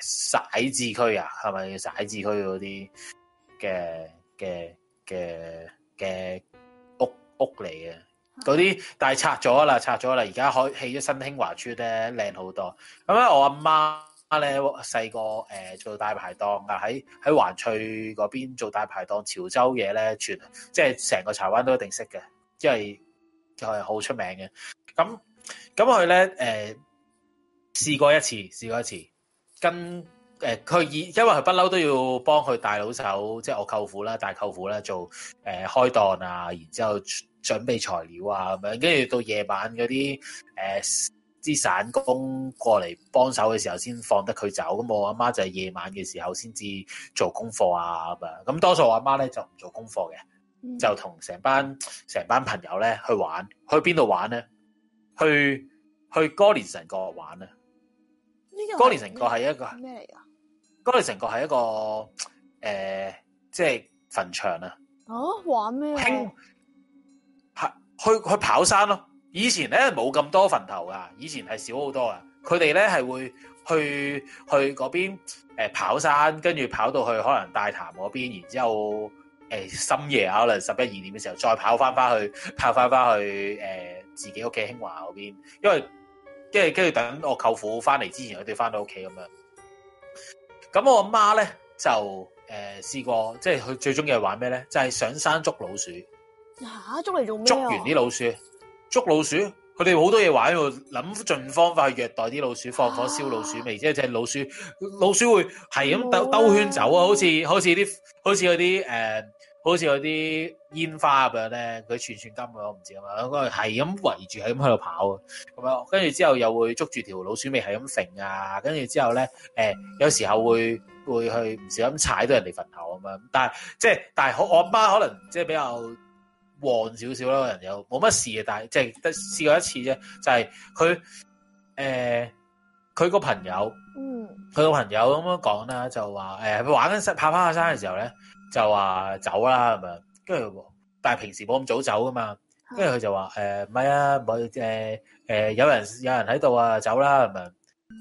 徙置區啊，係咪徙置區嗰啲嘅嘅嘅嘅屋屋嚟嘅？嗰啲但係拆咗啦，拆咗啦，而家開起咗新興華村咧，靚好多。咁咧，我阿媽咧細個誒做大排檔啊，喺喺環翠嗰邊做大排檔潮州嘢咧，全即係成個柴灣都一定識嘅，因為佢係好出名嘅。咁。咁佢咧，誒、呃，試過一次，試過一次，跟誒，佢、呃、以，因為佢不嬲都要幫佢大佬手，即、就、係、是、我舅父啦，大舅父啦做誒、呃、開檔啊，然之後準備材料啊咁樣，跟住到夜晚嗰啲誒啲散工過嚟幫手嘅時候，先放得佢走。咁我阿媽就係夜晚嘅時候先至做功課啊咁樣，咁多數我阿媽咧就唔做功課嘅，就同成班成班朋友咧去玩，去邊度玩咧？去去哥連城角玩啊！哥連城角係一個咩嚟噶哥連城角係一個誒，即係墳場啊！啊，玩咩？係去去跑山咯！以前咧冇咁多墳頭噶，以前係少好多噶。佢哋咧係會去去嗰邊誒跑山，跟住跑到去可能大潭嗰邊，然之後誒、呃、深夜可能十一二點嘅時候，再跑翻翻去跑翻翻去誒。呃自己屋企興華嗰邊，因為跟住跟住等我舅父翻嚟之前，佢哋翻到屋企咁樣。咁我阿媽咧就誒試、呃、過，即係佢最中意係玩咩咧？就係、是、上山捉老鼠。吓、啊、捉嚟做咩？捉完啲老鼠，捉老鼠，佢哋好多嘢玩喺度，諗盡方法去虐待啲老鼠，放火燒老鼠，味、啊。即係隻老鼠老鼠會係咁兜兜圈走啊！好似好似啲好似啲誒，好似嗰啲。煙花咁樣咧，佢串串金我唔知咁樣。佢係咁圍住，係咁喺度跑啊，咁樣跟住之後又會捉住條老鼠尾，係咁揈啊，跟住之後咧、欸，有時候會會去唔小心踩到人哋墳頭咁樣，但係即係但係我阿媽可能即係比較旺少少啦，我人又冇乜事嘅，但係即係得試過一次啫，就係佢誒佢個朋友，嗯，佢個朋友咁樣講、欸、啦，就話誒玩緊山跑翻下山嘅時候咧，就話走啦咁樣。跟住，但係平時冇咁早走噶嘛。跟住佢就話：誒唔係啊，唔係、呃呃、有人有人喺度啊，走啦咁樣、哦、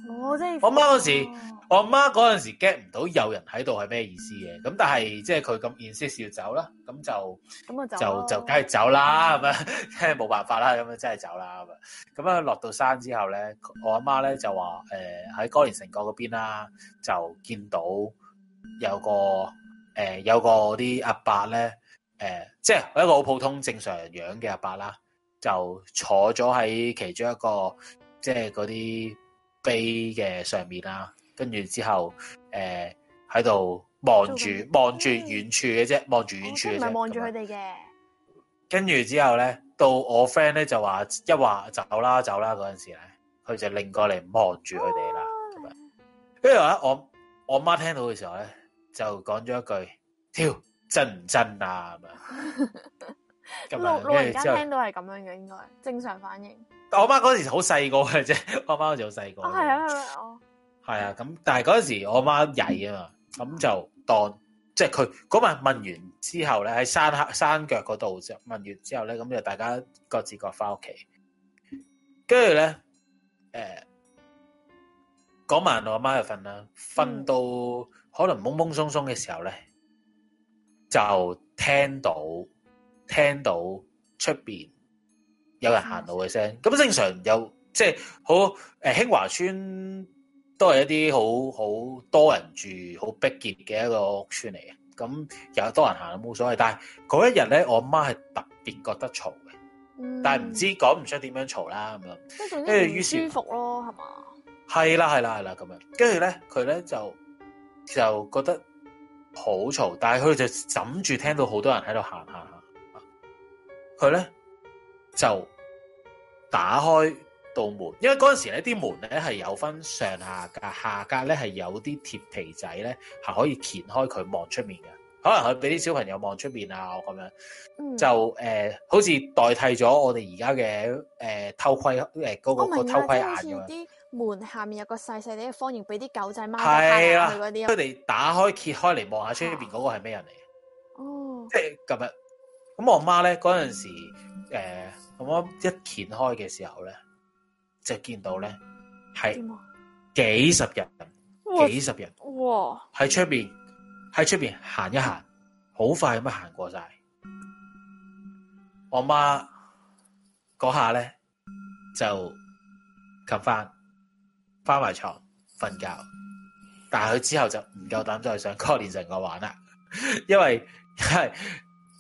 我媽、哦、我媽嗰時，我媽嗰陣時 get 唔到有人喺度係咩意思嘅。咁但係即係佢咁 insist 要走啦，咁就咁就、啊、就梗係走啦，咁樣冇辦法啦，咁樣真係走啦咁啊。咁啊落到山之後咧，我阿媽咧就話：喺歌連臣角嗰邊啦，就見到有個、呃、有個啲阿伯咧。誒、呃，即係一個好普通正常樣嘅阿伯啦，就坐咗喺其中一個即係嗰啲碑嘅上面啦，跟住之後誒喺度望住望住遠處嘅啫，望住遠處嘅啫，望住佢哋嘅。跟住之後咧，到我 friend 咧就話一話走啦走啦嗰陣時咧，佢就擰過嚟，望住佢哋啦，咁樣。跟住我我媽聽到嘅時候咧，就講咗一句：跳。真唔真啊？咁啊，老老而家聽到係咁樣嘅，應該正常反應。我媽嗰時好細個嘅啫，我媽好似好細個。哦，係啊，係啊，哦，係啊。咁但係嗰陣時我媽曳啊嘛，咁就當即係佢嗰晚問完之後咧，喺山下山腳嗰度啫。問完之後咧，咁就大家各自各翻屋企。跟住咧，誒嗰晚我媽就瞓啦，瞓到可能懵懵鬆鬆嘅時候咧。就聽到聽到出邊有人行路嘅聲，咁、嗯、正常又即係好誒興華村都係一啲好好多人住、好逼傑嘅一個屋村嚟嘅，咁又多人行都冇所謂。但係嗰一日咧，我媽係特別覺得嘈嘅、嗯，但係唔知講唔出點樣嘈啦咁樣。跟住於舒服咯，係嘛？係啦，係啦，係啦，咁樣跟住咧，佢咧就就覺得。好嘈，但係佢就枕住聽到好多人喺度行行行，佢咧就打開道門，因為嗰陣時咧啲門咧係有分上下格，下格咧係有啲鐵皮仔咧係可以掀開佢望出面嘅，可能佢俾啲小朋友望出面啊，咁樣就誒、嗯呃，好似代替咗我哋而家嘅誒偷窺誒嗰個偷窺眼咁樣。門下面有個細細啲嘅方形，俾啲狗仔貓個趴落去嗰啲。佢哋打開揭開嚟望下出邊嗰個係咩人嚟？哦，即係今日咁，我媽咧嗰陣時，誒，咁我一掀開嘅時候咧，就見到咧係幾十人，幾十人哇，喺出邊喺出邊行一行，好快咁樣行過晒。我媽嗰下咧就近翻。翻埋床瞓覺，但係佢之後就唔夠膽再上 Colin 成個玩啦，因為係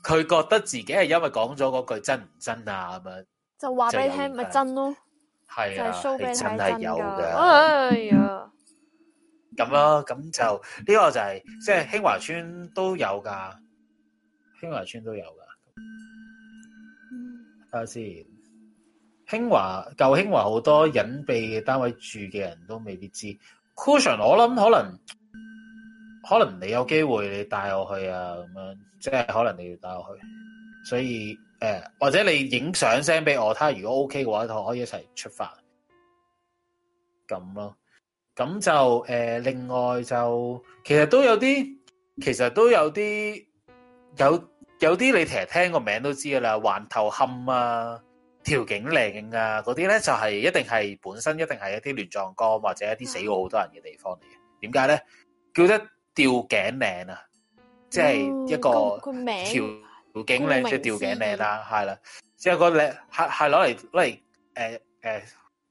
佢覺得自己係因為講咗嗰句真唔真啊咁樣，就話俾你聽咪真咯，係、啊就是、真係有嘅、啊。哎呀，咁咯、啊，咁就呢、呢個就係即係興華村都有噶，興華村都有噶，睇下先。興華舊興華好多隱蔽嘅單位住嘅人都未必知。Cushion，我諗可能可能你有機會你帶我去啊，咁樣即係可能你要帶我去，所以誒、呃、或者你影相聲俾我睇下，看看如果 OK 嘅話，就可以一齊出發。咁咯，咁就誒、呃、另外就其實都有啲，其實都有啲有有有啲你其實聽個名都知噶啦，環頭坎啊。吊頸嶺啊，嗰啲咧就係、是、一定係本身一定係一啲亂葬崗或者一啲死過好多人嘅地方嚟嘅。點解咧？叫得吊頸嶺啊，即、嗯、係、就是、一個條、嗯條就是、吊吊頸嶺即係吊頸嶺啦，係、啊、啦，即、嗯、係、就是、個嶺係係攞嚟攞嚟誒誒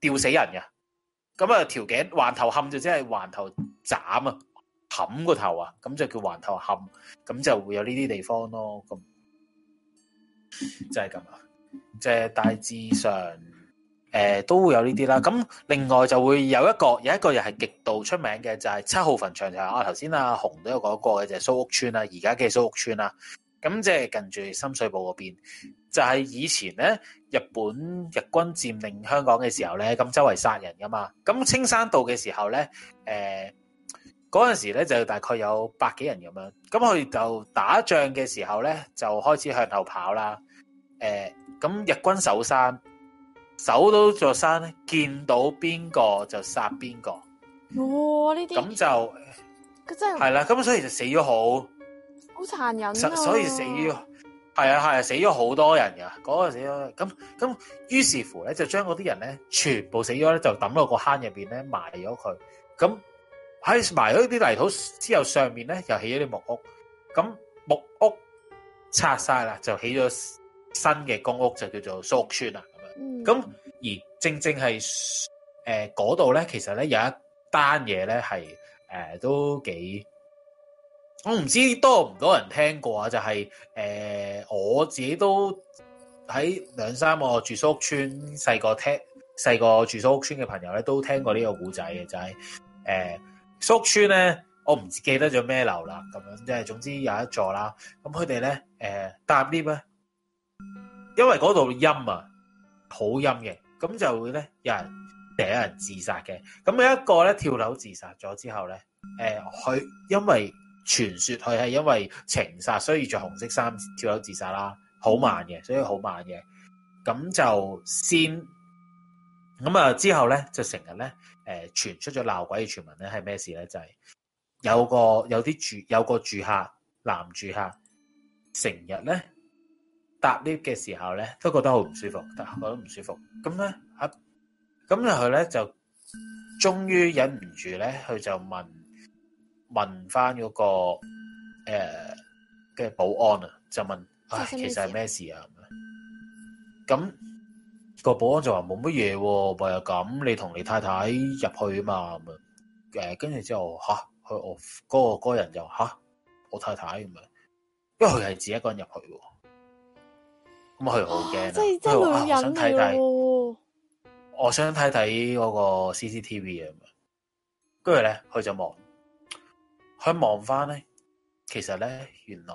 吊死人嘅。咁、嗯嗯就是、啊，吊頸橫頭冚就即係橫頭斬啊，冚個頭啊，咁就叫橫頭冚，咁就會有呢啲地方咯。咁就係咁啊。 即係大致上，誒都會有呢啲啦。咁另外就會有一個，有一個又係極度出名嘅，就係七號墳場，就係啊頭先阿紅都有講過嘅，就係蘇屋村啦，而家嘅蘇屋村啦。咁即係近住深水埗嗰邊，就係以前咧日本日軍佔領香港嘅時候咧，咁周圍殺人噶嘛。咁青山道嘅時候咧，誒嗰陣時咧就大概有百幾人咁樣。咁佢就打仗嘅時候咧就開始向後跑啦。誒，咁日軍守山，守到座山咧，見到邊個就殺邊個。哇，呢啲咁就，佢真係係啦。咁所以就死咗好，好殘忍啊。所以死，係啊係啊，死咗好多人噶嗰個死咗。咁咁，於是乎咧，就將嗰啲人咧，全部死咗咧，就抌落個坑入邊咧，埋咗佢。咁喺埋咗啲泥土之後，上面咧又起咗啲木屋。咁木屋拆晒啦，就起咗。新嘅公屋就叫做蘇屋邨啊，咁樣。咁、嗯、而正正係誒嗰度咧，其實咧有一單嘢咧係誒都幾，我唔知多唔多人聽過啊。就係、是、誒、呃、我自己都喺兩三個住蘇屋邨，細個聽細個住蘇屋邨嘅朋友咧都聽過呢個故仔嘅，就係、是、誒、呃、蘇屋邨咧，我唔記得咗咩樓啦，咁樣即係總之有一座啦。咁佢哋咧誒搭 lift 咧。因為嗰度陰啊，好陰嘅，咁就會咧有人成日有人自殺嘅。咁有一個咧跳樓自殺咗之後咧，誒、呃，佢因為傳說佢係因為情殺，所以着紅色衫跳樓自殺啦，好猛嘅，所以好猛嘅。咁就先咁啊，之後咧就成日咧，誒、呃，傳出咗鬧鬼嘅傳聞咧，係咩事咧？就係、是、有個有啲住有個住客男住客，成日咧。搭 lift 嘅時候咧，都覺得好唔舒服，但係覺得唔舒服咁咧吓咁，然後咧就終於忍唔住咧，佢就問問翻嗰個誒嘅保安啊，就問唉，其實係咩事啊？咁個保安就話冇乜嘢，咪又咁你同你太太入去啊嘛？誒，跟住之後吓佢我嗰個嗰人就吓我太太咁樣，因為佢係自己一個人入去。咁佢好驚啊！真真女人嚟！咯！想睇睇。我想睇睇嗰個 CCTV 啊，跟住咧，佢就望，佢望翻咧，其實咧，原來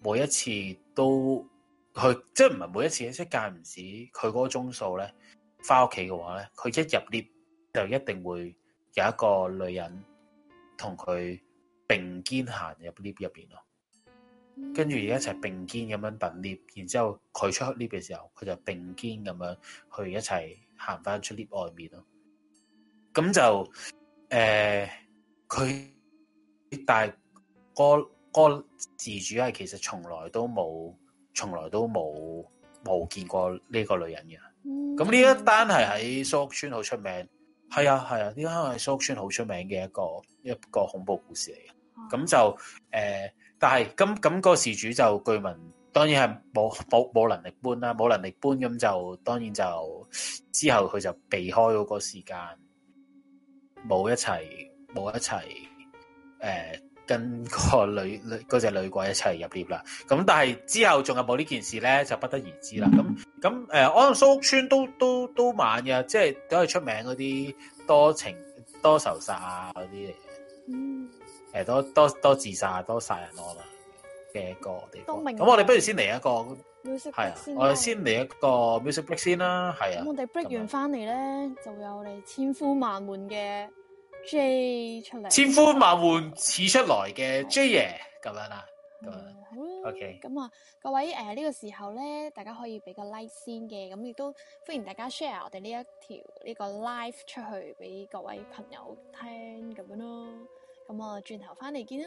每一次都佢即係唔係每一次，即係間唔止時，呢，佢嗰個鐘數咧，翻屋企嘅話咧，佢一入 lift 就一定會有一個女人同佢並肩行入 lift 入邊咯。跟住而家一齊並肩咁樣等 lift，然之後佢出 lift 嘅時候，佢就並肩咁樣去一齊行翻出 lift 外面咯。咁就誒，佢、呃、但係、那、個、個那個、事主係其實從來都冇，從來都冇冇見過呢個女人嘅。咁呢一單係喺蘇屋村好出名，係啊係啊，呢個係蘇屋村好出名嘅一個一個恐怖故事嚟嘅。咁就誒。呃但係咁咁，個事主就據聞當然係冇冇冇能力搬啦，冇能力搬咁就當然就之後佢就避開嗰個時間，冇一齊冇一齊誒、呃、跟個女女嗰隻女鬼一齊入 𨋢 啦。咁但係之後仲有冇呢件事咧，就不得而知啦。咁咁誒安蘇屋村都都都猛嘅，即係都係出名嗰啲多情多仇殺啊嗰啲嚟嘅。嗯。誒多多多自殺多殺人案嘅一個地方，咁我哋不如先嚟一個，係啊，啊，啊，我哋先嚟一個 music break 先啦，係啊。咁、啊、我哋 break 完翻嚟咧，就會有我哋千呼萬喚嘅 J 出嚟。千呼萬喚似出來嘅 J 爺咁樣啦、啊，咁、啊嗯、OK。咁啊，各位誒呢、呃呢個時候咧，大家可以俾個 like 先嘅，咁亦都歡迎大家 share 我哋呢一條呢、呢個 live 出去俾各位朋友聽咁樣咯。咁我轉頭翻嚟見啦！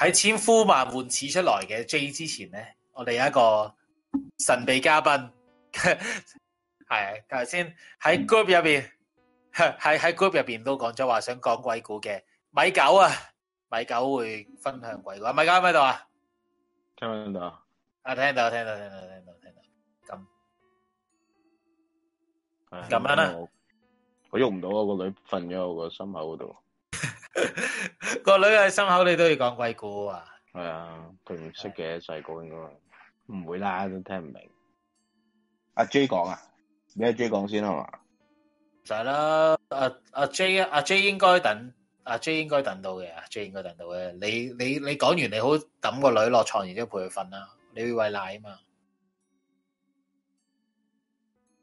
喺千呼萬喚始出來嘅 J 之前咧，我哋有一個神秘嘉賓，係啊頭先喺 group 入邊，喺喺 group 入邊都講咗話想講鬼故嘅米九啊，米九會分享鬼故啊，米九喺咪度啊？聽唔聽到啊？啊，聽到，聽到，聽到，聽到，聽到。咁咁樣咧、啊，我喐唔到啊，個女瞓咗我個心口度。個女喺心口，你都要講鬼故啊！係啊，佢唔識嘅細個應該唔會啦，都聽唔明。阿 J 講啊，俾阿 J 講先係嘛？就係啦，阿阿 J 阿 J 應該等，阿 J 應該等到嘅，J 應該等到嘅。你你你講完，你好抌個女落床，然之後陪佢瞓啦。你會餵奶啊嘛？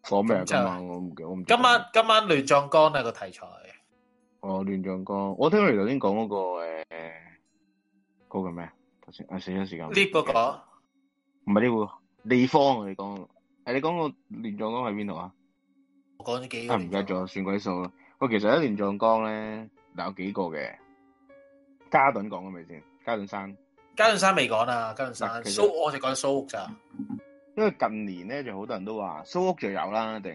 講咩啫？我唔，今晚今晚亂葬崗呢個題材。哦，亂葬崗，我聽你頭先講嗰個誒，嗰個咩啊？頭先啊，死咗時間。呢、那個個唔係呢個，地方、啊、你講，誒你講個亂葬崗喺邊度啊？我講咗幾個，唔、啊、記得咗，算鬼數咯。我、哦、其實喺亂葬崗咧，有幾個嘅。嘉頓講咗未先？嘉頓山？嘉頓山未講啊？嘉頓山，蘇我哋講蘇屋咋？因為近年咧，就好多人都話蘇屋就有啦，一定？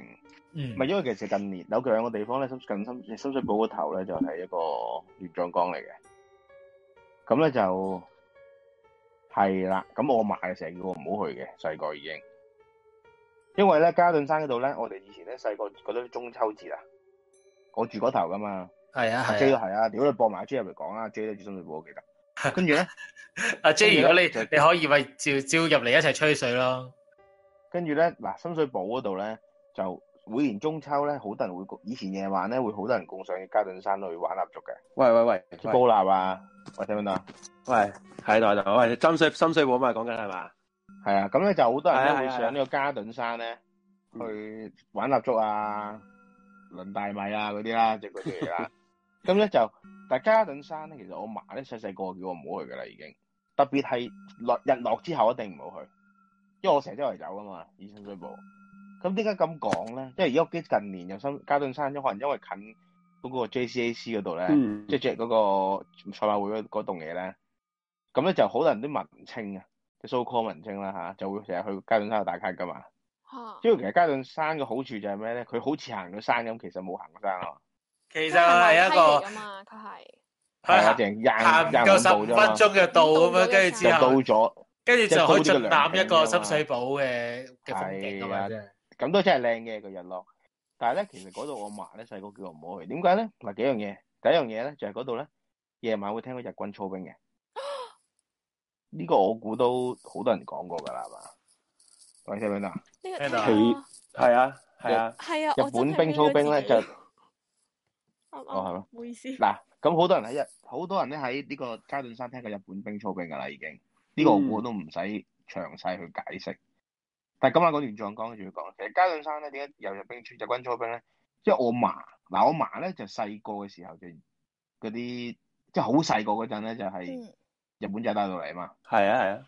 唔、嗯、係，因為其實近年有計兩個地方咧，深水近深，深水埗個頭咧就係一個亂葬崗嚟嘅。咁咧就係啦。咁我買嘅成日叫我唔好去嘅，細個已經。因為咧，嘉頓山嗰度咧，我哋以前咧細個嗰啲中秋節啊，我住嗰頭噶嘛。係啊係 J 都係啊。如果你播埋 J 入嚟講啦，J 都住深水埗，我記得。跟住咧， 阿 J 如果你你可以咪照照入嚟一齊吹水咯。跟住咧，嗱，深水埗嗰度咧就。每年中秋咧，好多人會以前夜晚咧，會好多人共上嘅嘉頓山去玩蠟燭嘅。喂喂喂，煲蠟啊！喂，聽唔聽到喂，係度啊度喂，深水深水埗啊嘛，講緊係嘛？係啊，咁咧就好多人咧會上呢個嘉頓山咧去玩蠟燭啊、輪、嗯、大米啊嗰啲啦，即嗰啲啦。咁 咧就但嘉頓山咧，其實我媽咧細細個叫我唔好去噶啦，已經特別係落日落之後一定唔好去，因為我成日周圍走噶嘛，以深水埗。咁點解咁講咧？因為而家近年又新嘉頓山，可能因為近嗰個 J C A C 嗰度咧，即係著嗰個賽馬會嗰嗰棟嘢咧，咁咧就好多人啲文青啊，so call 文青啦嚇，就會成日去嘉頓山度打卡噶嘛。嚇、啊，因為其實嘉頓山嘅好處就係咩咧？佢好似行咗山咁，其實冇行山啊。其實係一個。爬唔夠十分鐘嘅度咁樣，跟住之後，後，之後到咗，跟住就好以一,一個深水埗嘅嘅風景咁都真係靚嘅個日落，但係咧，其實嗰度我嫲咧細個叫我唔好去，點解咧？嗱幾樣嘢，第一樣嘢咧就係嗰度咧夜晚會聽個日軍操兵嘅。呢個我估都好多人講過㗎啦，係嘛？大家聽唔聽到啊？係啊，係啊，係啊，日本兵操兵咧就哦係咯，唔好意思。嗱，咁好多人喺日，好多人咧喺呢個嘉頓山聽過日本兵操兵㗎啦，已經呢個我估都唔使詳細去解釋。但係今晚嗰段再住再講。其實嘉頓山咧，點解又入兵川就是、軍左兵咧？因為我媽嗱，我媽咧就細個嘅時候就嗰啲，即係好細個嗰陣咧，就係、是就是、日本仔帶到嚟嘛。係啊係啊。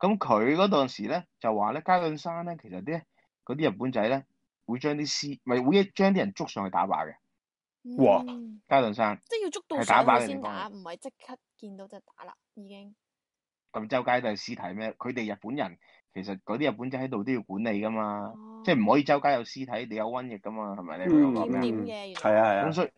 咁佢嗰陣時咧就話咧，嘉頓山咧其實啲啲日本仔咧會將啲屍咪會將啲人捉上去打靶嘅、嗯。哇！嘉頓山即係要捉到手先打，打，唔係即刻見到就打啦，已經。咁周街都係屍體咩？佢哋日本人。其實嗰啲日本仔喺度都要管理噶嘛，哦、即係唔可以周街有屍體，你有瘟疫噶嘛，係咪你咁講嘅？係啊，係啊，咁、啊、所以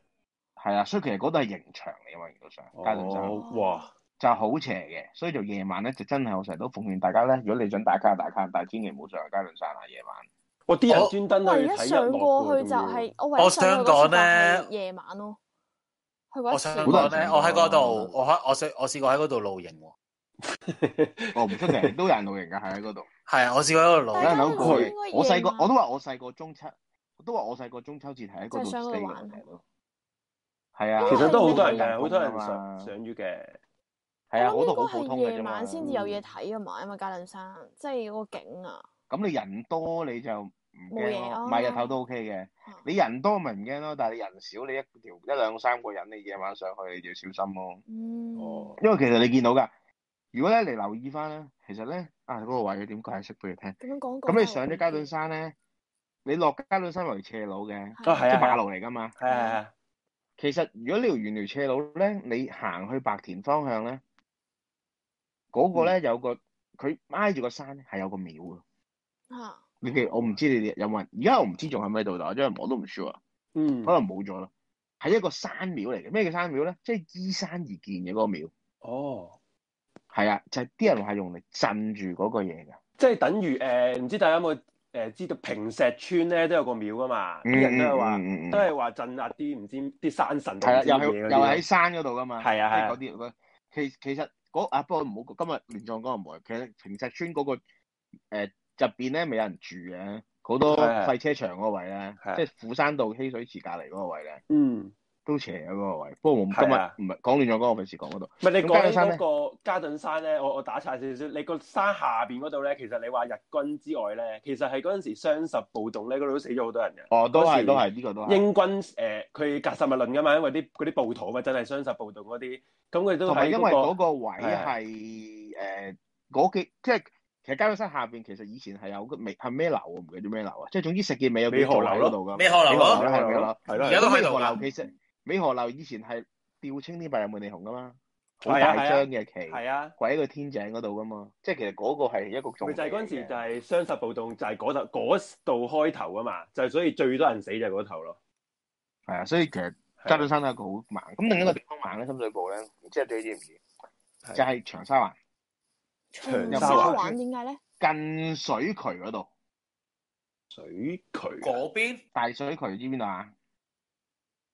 係啊，所以其實嗰度係刑場嚟，啊嘛，嘉頓山、哦。哇，就好邪嘅，所以就夜晚咧就真係我成日都奉勸大家咧，如果你想打卡，打卡，但係千祈唔好上嘉頓山啊，夜晚。哦、那我啲人專登去睇。我上過去就係，我想上過夜晚咯。我想講咧，我喺嗰度，我我我試過喺嗰度露營。我唔出奇，都有人露營噶喺嗰度。係啊， 我試過喺度露。我細個我都話我細個中秋，都話我細個中秋節係喺嗰度。即係上去玩下咯。係啊，其實都好多人嘅，好多人上上住嘅。係啊，我，我都好普通嘅。夜晚先至有嘢睇啊嘛，因為嘉頓山即係嗰個景啊。咁、嗯、你人多你就唔驚咯，咪、啊哦、日頭都 OK 嘅、哦。你人多咪唔驚咯，但係你人少，你一條一兩三個人，你夜晚上，上去你要小心咯、嗯。因為其實你見到噶。如果咧嚟留意翻咧，其實咧啊嗰、那個位點解識俾你聽？咁樣講，咁你上咗嘉頓山咧，你落嘉頓山為斜路嘅，都係即係馬路嚟噶嘛？係啊，啊，啊。其實如果呢條沿路斜路咧，你行去白田方向咧，嗰、那個咧、嗯、有個佢挨住個山咧，係有個廟嘅、啊、你哋我唔知道你哋有冇人，而家我唔知仲喺唔到度啦，因為我都唔 sure 啊。嗯，可能冇咗咯，係一個山廟嚟嘅。咩叫山廟咧？即、就、係、是、依山而建嘅嗰、那個廟。哦。係啊，就係、是、啲人話用嚟鎮住嗰個嘢噶，即、就、係、是、等於誒，唔、呃、知道大家有冇誒、呃、知道平石村咧都有個廟噶嘛，啲、嗯、人說、嗯、都係話都係話鎮壓啲唔知啲山神。係啊，又係又喺山嗰度噶嘛。係啊係。啲其、啊、其實嗰啊，不過唔好今日亂葬崗嗰個門。其實平石村嗰、那個誒入邊咧未有人住嘅，好多廢車場嗰位咧，即係、啊啊就是、釜山道溪水池隔籬嗰位咧。嗯。都斜啊嗰個位，不過我今日唔係講亂咗，講我費事講嗰度。唔係你講嗰個嘉頓山咧，我我打岔少少。你個山下邊嗰度咧，其實你話日軍之外咧，其實係嗰陣時雙十暴動咧，嗰度都死咗好多人嘅。哦，都係都係呢個都係。英軍誒，佢格殺勿論噶嘛，因為啲嗰啲暴徒啊，真係雙十暴動嗰啲，咁佢都係、那個。同埋因為嗰個位係誒嗰幾，即係其實嘉頓山下邊其實以前係有個咩係咩樓啊？唔記得咩樓啊？即係總之石硤尾有幾號樓嗰度㗎？幾號樓咯？係咯係咯係咯，而家都喺度啊 o 美荷樓以前係吊青天白日滿地紅噶嘛，好大張嘅旗，係啊，掛喺、啊啊、個天井嗰度噶嘛，即係其實嗰個係一個重鎮。佢就係嗰陣時就係雙十暴動，就係、是、頭度開頭噶嘛，就是、所以最多人死就係嗰頭咯。係啊，所以其實嘉頓山都係一個好猛。咁、啊、另一個地方猛咧，深水埗咧，即係對啲唔對？就係、是、長沙灣長沙灣點解咧？就是、近水渠嗰度。水渠嗰、啊、邊？大水渠知邊度啊？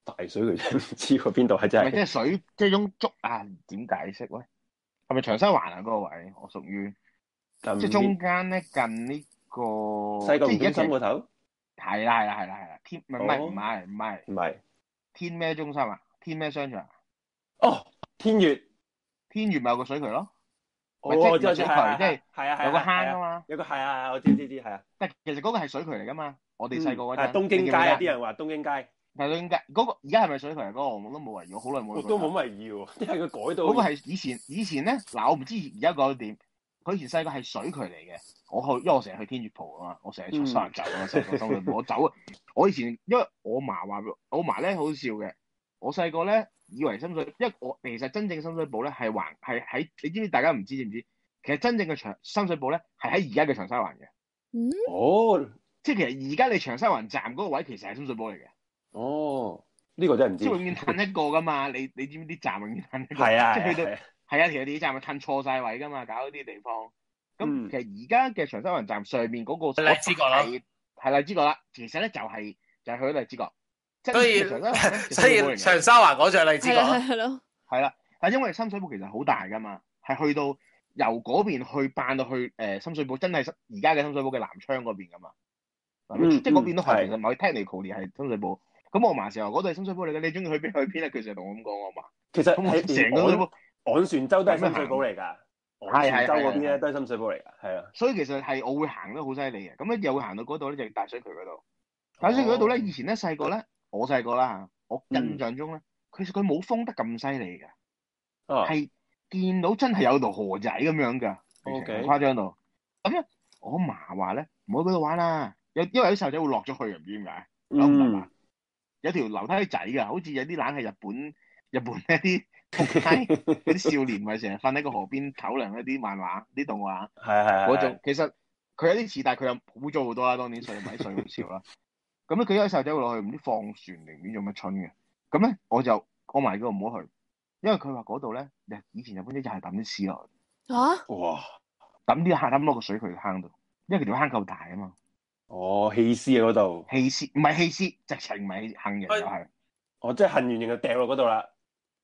大水渠，唔知佢邊度係真係。唔係即係水，即係種竹啊？點解釋咧？係咪長沙灣啊？嗰個位，我屬於即係中間咧，近呢個西貢中心個頭。係啦係啦係啦係啦，天唔係唔係唔係唔係天咩中心啊？天咩商場？哦，天悅，天悅咪有個水渠咯。咪即係水渠，即係係啊係啊，有個坑啊嘛，有個係啊係啊，我知知知係啊。但其實嗰個係水渠嚟㗎嘛？我哋細個嗰陣。啊，東京街啊，啲人話東京街。係咯，點解嗰個而家係咪水渠嗰、啊那個我都冇懷疑，好耐冇。我都冇懷疑喎，因為佢改到。嗰、那個係以前，以前咧嗱，我唔知而家改咗點。佢以前細個係水渠嚟嘅，我去，因為我成日去天悦浦啊嘛，我成日坐長沙灣站啊，成日坐深水埗。我，去 我走啊，我以前因為我嫲話，我嫲咧好笑嘅，我細個咧以為深水，因為我其實真正嘅深水埗咧係環係喺，你知唔知？大家唔知知唔知？其實真正嘅長深水埗咧係喺而家嘅長沙灣嘅。 哦，即係其實而家你長沙灣站嗰個位其實係深水埗嚟嘅。哦，呢、這個真係唔知道，即永遠褪一個噶嘛？你你知唔知啲站永遠褪一個？係啊，即、就、係、是、去到係啊，其實啲站係褪錯晒位噶嘛，搞到啲地方。咁其實而家嘅長沙灣站上面嗰個荔枝角係，係荔枝角啦。其實咧就係、是、就係、是、去到荔枝角，即長西以，長，西以，以長沙所長沙灣嗰就係荔枝角，係咯、啊，係啦、啊啊啊。但因為深水埗其實好大噶嘛，係去到由嗰邊去辦到去誒、呃、深水埗，真係而家嘅深水埗嘅南昌嗰邊噶嘛，嗯啊、即係嗰邊都係其實唔係 technical 嘅係深水埗。咁我嫲成日話嗰度係深水埗嚟嘅，你中意去邊去邊啊？佢成日同我咁講我嘛。其實係成個昂船洲都係深水埗嚟噶，昂船洲嗰邊咧都係深水埗嚟噶。係啊，所以其實係我會行得好犀利嘅。咁咧又會行到嗰度咧，就係、大水渠嗰度。大水渠嗰度咧，以前咧細個咧，我細個啦吓，我印象中咧、嗯，其實佢冇封得咁犀利嘅，係、哦、見到真係有條河仔咁樣噶，誇張到。咁、okay、咧我嫲話咧唔好去嗰度玩啦、啊，因因為啲細仔會落咗去唔知點解，諗有條樓梯仔啊，好似有啲冷係日本，日本一啲屋梯嗰啲少年咪成日瞓喺個河邊唞涼，一啲漫畫、啲動畫，係係係。我就其實佢有啲似，但係佢又好咗好多啦。當年細米水好潮啦，咁佢有啲細仔落去唔知放船定唔知做乜春嘅。咁咧我就安埋嗰個唔好去，因為佢話嗰度咧，以前日本啲就係抌啲屍咯。嚇、啊！哇！抌啲客膽落個水佢坑度，因為佢條坑夠大啊嘛。哦，棄屍啊，嗰度棄屍唔係棄屍，直情唔係行完就係哦，即係行完然後掉落嗰度啦，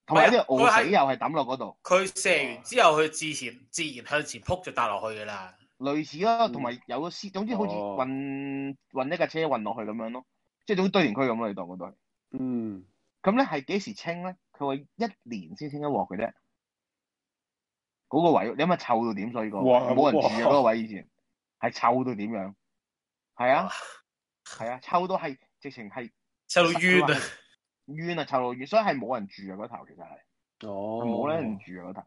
同埋有啲餓死又係抌落嗰度。佢射完之後，佢自然自然向前扑就跌落去噶啦，類似咯，同埋有個屍、嗯，總之好似運運一架車運落去咁樣咯，即係總之堆填區咁咯，你當嗰度。嗯，咁咧係幾時清咧？佢話一年先清一鑊嘅啫，嗰、嗰個位你諗下臭到點，所以，嗰個冇人住啊。嗰、嗰個位以前係臭到點樣？係啊，係啊，抽到係，直情係抽到冤啊，冤啊，抽到冤，所以係冇人住啊嗰、那個頭，oh. 那個、頭，其實係，冇咩人住啊嗰頭，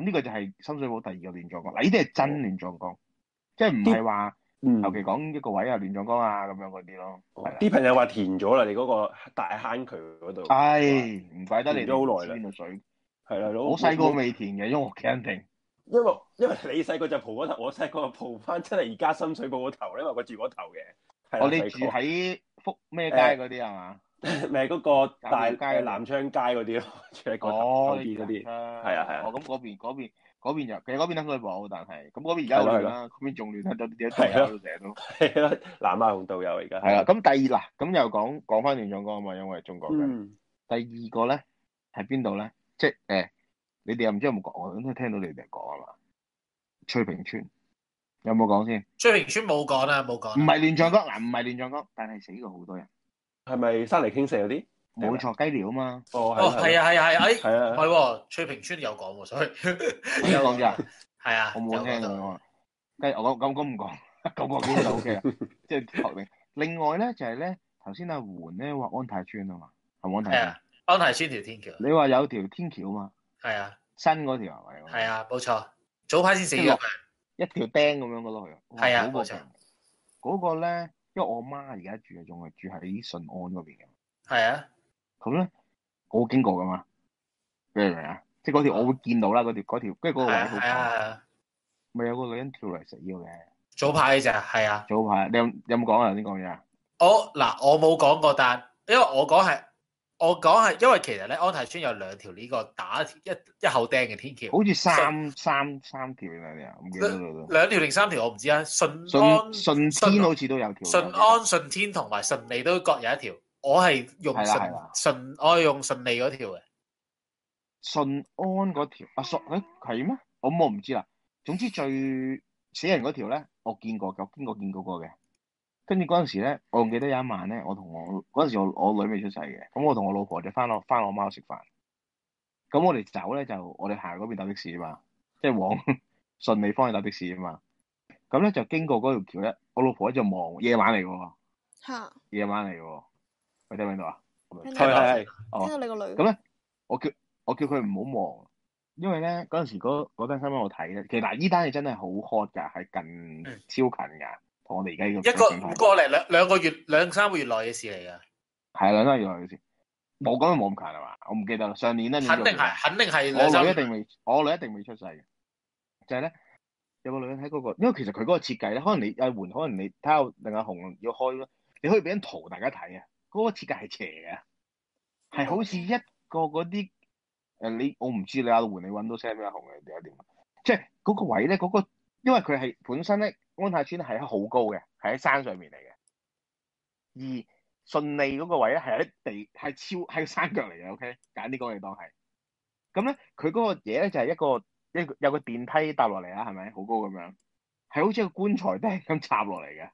咁呢個就係深水埗第二個亂葬崗，嗱呢啲係真亂葬崗，oh. 即係唔係話尤其講一個位又亂葬崗啊咁樣嗰啲咯，啲、oh. 朋友話填咗啦，你嗰個大坑渠嗰度，唉，唔怪得你都好耐啦，邊度水，係啦，我細個未填嘅，因為我驚停。因為因為你細個就蒲嗰頭，我細個蒲翻，出嚟而家深水埗嗰頭，因為我住嗰頭嘅。我哋、哦、住喺福咩街嗰啲啊嘛？咪、欸、嗰、嗰個大街嘅南昌街嗰啲咯，住喺嗰邊嗰邊，係啊係啊。咁嗰邊嗰邊嗰邊就其實嗰邊都冇，但係咁嗰邊而家亂啦，嗰邊仲亂得多啲。係啊，成日都南亞紅道友而家。係啦，咁第二啦，咁又講講翻亂葬崗啊嘛，因為，那那國因為中國嘅、嗯。第二個咧係邊度咧？即係誒。欸你哋又唔知有冇講？我聽到你哋講啊嘛，翠屏村有冇講先？翠屏村冇講啊，冇講。唔係亂葬崗，唔係亂葬崗，但係死過好多人。係咪山泥傾瀉嗰啲？冇錯，雞料啊嘛。哦，係啊，係啊，係、啊。哎、啊，唔係、啊啊啊啊啊啊啊啊啊、翠屏村有講，所以有講啫？係 啊，我冇聽到。講。雞，我咁咁唔講，咁我先就 OK 啦。即係 另外咧就係、是、咧，頭先阿桓咧話安泰村啊嘛，係咪安泰村？啊，安泰村條天橋。你話有條天橋啊嘛？係啊，新嗰條係啊，冇錯，早排先死咗，一條釘咁樣嘅咯，佢係啊，嗰個嗰個咧，因為我媽而家住啊，仲係住喺順安嗰邊嘅，係啊，咁咧我經過噶嘛，你明唔明啊？即係嗰條我會見到啦，嗰條嗰條，跟住嗰個位好高，咪有個女人跳嚟食藥嘅，早排嗰隻係啊，早排你有有冇講啊？頭先講嘢啊？我嗱我冇講過，但係因為我講係。我講係，因為其實咧安泰村有兩條呢個打一一口釘嘅天橋，好似三三三條定係點啊？唔記得兩條定三條我唔知啦。順安順天好似都有條。順安順天同埋順利都各有一條。我係用順順，我係用順利嗰條嘅。順安嗰條啊，信係咩？我我唔知啦。總之最死人嗰條咧，我見過，有邊個見過見過嘅。跟住嗰陣時咧，我仲記得有一晚咧，我同我嗰陣時我我女未出世嘅，咁我同我老婆就翻我翻我媽食飯。咁我哋走咧就我哋行嗰邊搭的士啊嘛，即係往順利方去搭的士啊嘛。咁咧就經過嗰條橋咧，我老婆喺度望夜晚嚟嘅喎，夜、啊、晚嚟嘅喎，你聽唔聽到啊？聽到、哦，聽到，你個女。咁咧我叫我叫佢唔好望，因為咧嗰陣時嗰嗰單新聞我睇咧，其實嗱依單嘢真係好 hot 㗎，係近、嗯、超近㗎。我哋而家一個唔過嚟，兩兩個月兩三個月內嘅事嚟㗎，係兩三個月內嘅事，冇咁冇咁近係嘛？我唔記得啦，上年咧。肯定係，肯定係兩。我女一定未，我女一定未出世嘅，就係咧，有冇女人睇嗰個？因為其實佢嗰個設計咧，可能你阿煥，可能你睇下另外紅要開咯，你可以俾張圖大家睇啊。嗰個設計係斜嘅，係好似一個嗰啲誒，你我唔知你阿煥，你搵到 Sam 阿紅係點啊點？即係嗰個位咧，嗰個因為佢係本身咧。安泰村係喺好高嘅，係喺山上面嚟嘅。而順利嗰個位咧，係喺地，係超喺山腳嚟嘅。OK，假啲講你當係。咁咧，佢嗰個嘢咧就係、是、一個一個有個電梯搭落嚟啦，係咪？很高的是好高咁樣，係好似個棺材釘咁插落嚟嘅，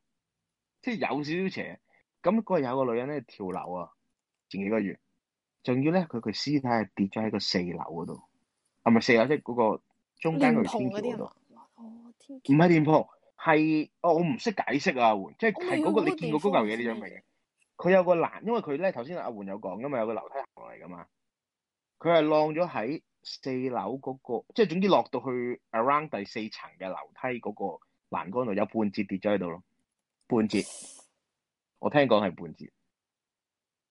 即係有少少斜。咁嗰日有一個女人咧跳樓啊，前幾個月，仲要咧佢個屍體係跌咗喺個四樓嗰度，係咪四樓即係嗰個中間個天橋度？哦，唔係天鋪。不是電係、哦，我我唔識解釋啊，阿媛，即係係嗰個，那你，那個你見過嗰嚿嘢，呢樣嘢？佢有個欄，因為佢咧頭先阿媛有講因嘛，有個樓梯行落嚟噶嘛，佢係晾咗喺四樓嗰，那個，即係總之落到去 around 第四層嘅樓梯嗰個欄杆度，有半截跌咗喺度咯，半截，我聽講係半截，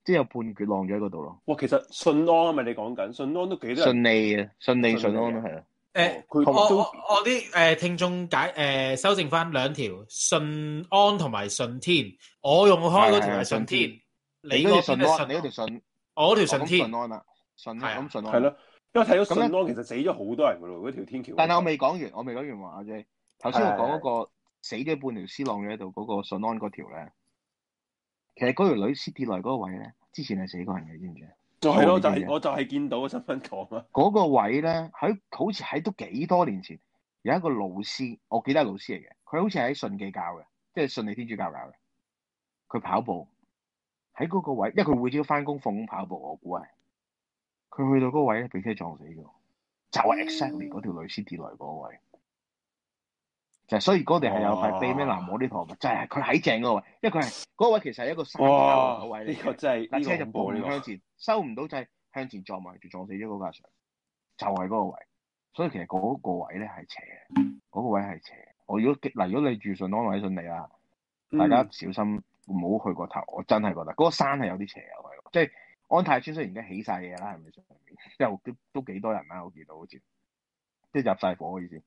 即、就、係、是、有半截晾咗喺嗰度咯。哇，其實順安啊嘛，你講緊順安都幾多？順利啊，順利順安都係啊。誒、欸，我我啲誒、呃、聽眾解誒、呃、修正翻兩條順安同埋順天，我用開嗰條係順天，你嗰條順安，你嗰條順，我條順天。順安啦，係咁順安係咯，因為睇到順安其實死咗好多人噶咯，嗰條天橋。但係我未講完，我未講完話啫。頭先我講嗰個死咗半條屍浪嘅喺度，嗰、那個順安嗰條咧，其實嗰條女屍跌落嚟嗰個位咧，之前係死過人嘅，知唔知？就係、是、咯，就、那、係、個，我就係見到新聞講啊！嗰、那個位咧，喺好似喺都幾多年前，有一個老師，我記得係老師嚟嘅，佢好似喺順記教嘅，即係順利天主教教嘅。佢跑步喺嗰個位，因為佢會招翻工放工跑步，我估係佢去到嗰個位咧，俾車撞死咗，就係 exactly 嗰條女屍跌落嚟嗰個位。就所以嗰度係有塊飛咩南摩呢坨，就係佢喺正嗰位，因為佢係嗰位其實係一個山嘅位。呢、這個真係，嗱車就暴怒向前，這個、收唔到，掣，向前撞埋就撞死咗嗰架船，就係、是、嗰個位。所以其實嗰個位咧係斜嘅，嗰、那個位係斜。我如果嗱，如果你住順安位順利啦，大家小心唔好去過頭。我真係覺得嗰、那個山係有啲斜嘅位，即、就、係、是、安泰村雖然而家起晒嘢啦，係咪先？又都都幾多人啦？我見到好似，即係入晒火嘅意思。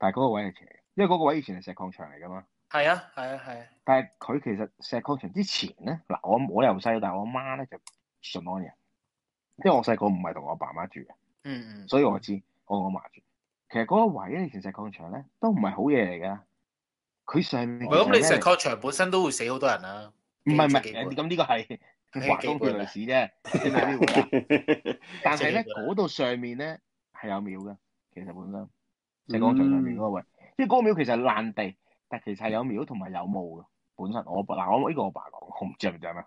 但係嗰個位係斜嘅，因為嗰個位以前係石礦場嚟噶嘛。係啊，係啊，係、啊。但係佢其實石礦場之前咧，嗱我我由細到大，我阿媽咧就順安人，即我細個唔係同我爸媽住嘅。嗯，嗯所以我知道我我媽住。其實嗰個位咧，以前石礦場咧，都唔係好嘢嚟噶。佢上面咁，你石礦場本身都會死好多人啦，啊。唔係唔係，咁 是呢個係滑咗幾輪屎啫。但係咧，嗰度上面咧係有廟嘅，其實本身。石崗場上面嗰個位，即係嗰個廟其實係爛地，但其實係有廟同埋有墓嘅，本身我，我嗱我呢個我爸講，我唔知係咪真啊？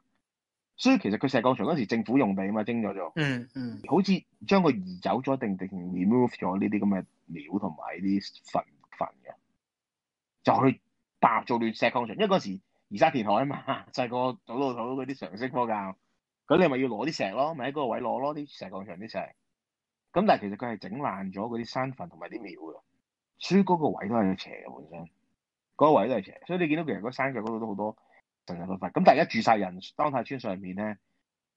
所以其實佢石崗場嗰時候政府用地啊嘛，徵咗咗。嗯嗯，好似將佢移走咗定定 remove 咗呢啲咁嘅廟同埋啲墳墳嘅，就去搭做亂石崗場。因為嗰時候移沙填海啊嘛，就係細個祖魯土嗰啲常識科教，咁你咪要攞啲石咯，咪喺嗰個位攞咯啲石崗場啲石。咁但係其實佢係整爛咗嗰啲山墳同埋啲廟㗎。所以嗰個位都係斜嘅本身，嗰個位都係斜的。所以你見到其實嗰山腳嗰度都好多神石骨塊。咁但係一住晒人，當太村上面咧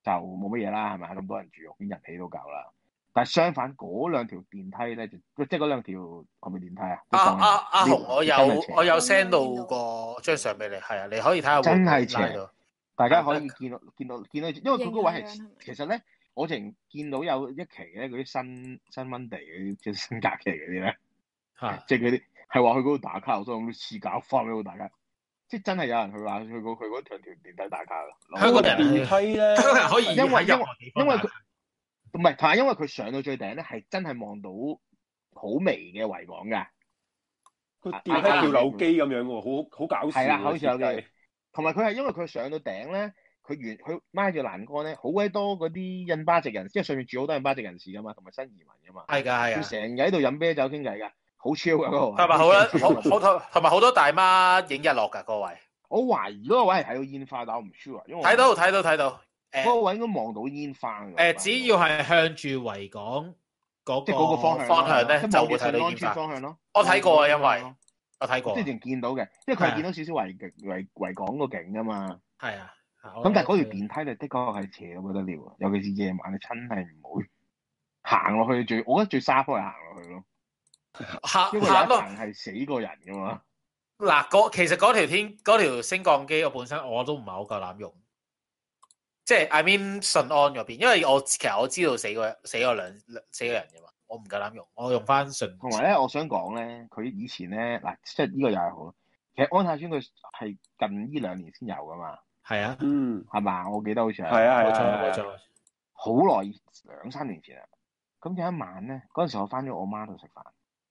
就冇乜嘢啦，係咪？咁多人住，邊人起都夠啦。但係相反，嗰兩條電梯咧就即係嗰兩條係咪電梯啊？阿阿阿我有我有 send 到個張相俾你，係啊，你可以睇下，真係斜的，大家可以見到見到見到，見到，因為佢嗰位係、啊、其實咧，我曾見到有一期咧嗰啲新新 Monday 即係新假期嗰啲咧。即係佢啲係話去嗰度打卡，所以我想試搞翻俾我大家。即係真係有人去話去過佢嗰條電梯打卡噶。香港電梯咧可以，因為因為因為佢唔係，同 埋因為佢上到最頂咧係真係望到、啊啊啊、好微嘅維港噶。佢跌喺跳樓機咁樣好好搞笑。係啊，好似有嘅。同埋佢係因為佢上到頂咧，佢原佢挨住欄杆咧，好鬼多嗰啲印巴籍人，即係上面住好多印巴籍人士噶嘛，同埋新移民噶嘛。係噶，係噶。佢成日喺度飲啤酒傾偈噶。好超啊！同埋好啦，好 那個，我同埋好多大媽影日落噶，各位。我懷疑嗰個位係睇到煙花，但我唔 sure 啊，因為睇到睇到睇到，嗰個位應該望到煙花嘅。誒，只要係向住維港嗰個方向咧，就會睇到煙花方向咯。我睇過啊，因為我睇過、那個呃那個呃那個，即係仲見到嘅、啊，因為佢見到，到少少維維維港個景噶嘛。係啊，咁但係嗰條電梯咧的確係斜到不得了，尤其是夜晚你真係唔會行落去最，我覺得最沙坡係行落去咯。嚇下人係死過人噶嘛？嗱，嗰其實條天嗰條升降機，我本身我都唔係好夠膽用，即係 I mean 順安邊，因為我其實我知道死過死過兩兩死過人噶嘛，我唔夠膽用，我用翻順。同埋咧，我想講咧，佢以前咧嗱，即係呢個又係好，其實安泰邨佢係近呢兩年先有噶嘛？係啊，嗯，係嘛？我記得好似係，係啊，冇錯冇錯，好耐兩三年前啊，咁有一晚咧，嗰陣時候我翻咗我媽度食飯。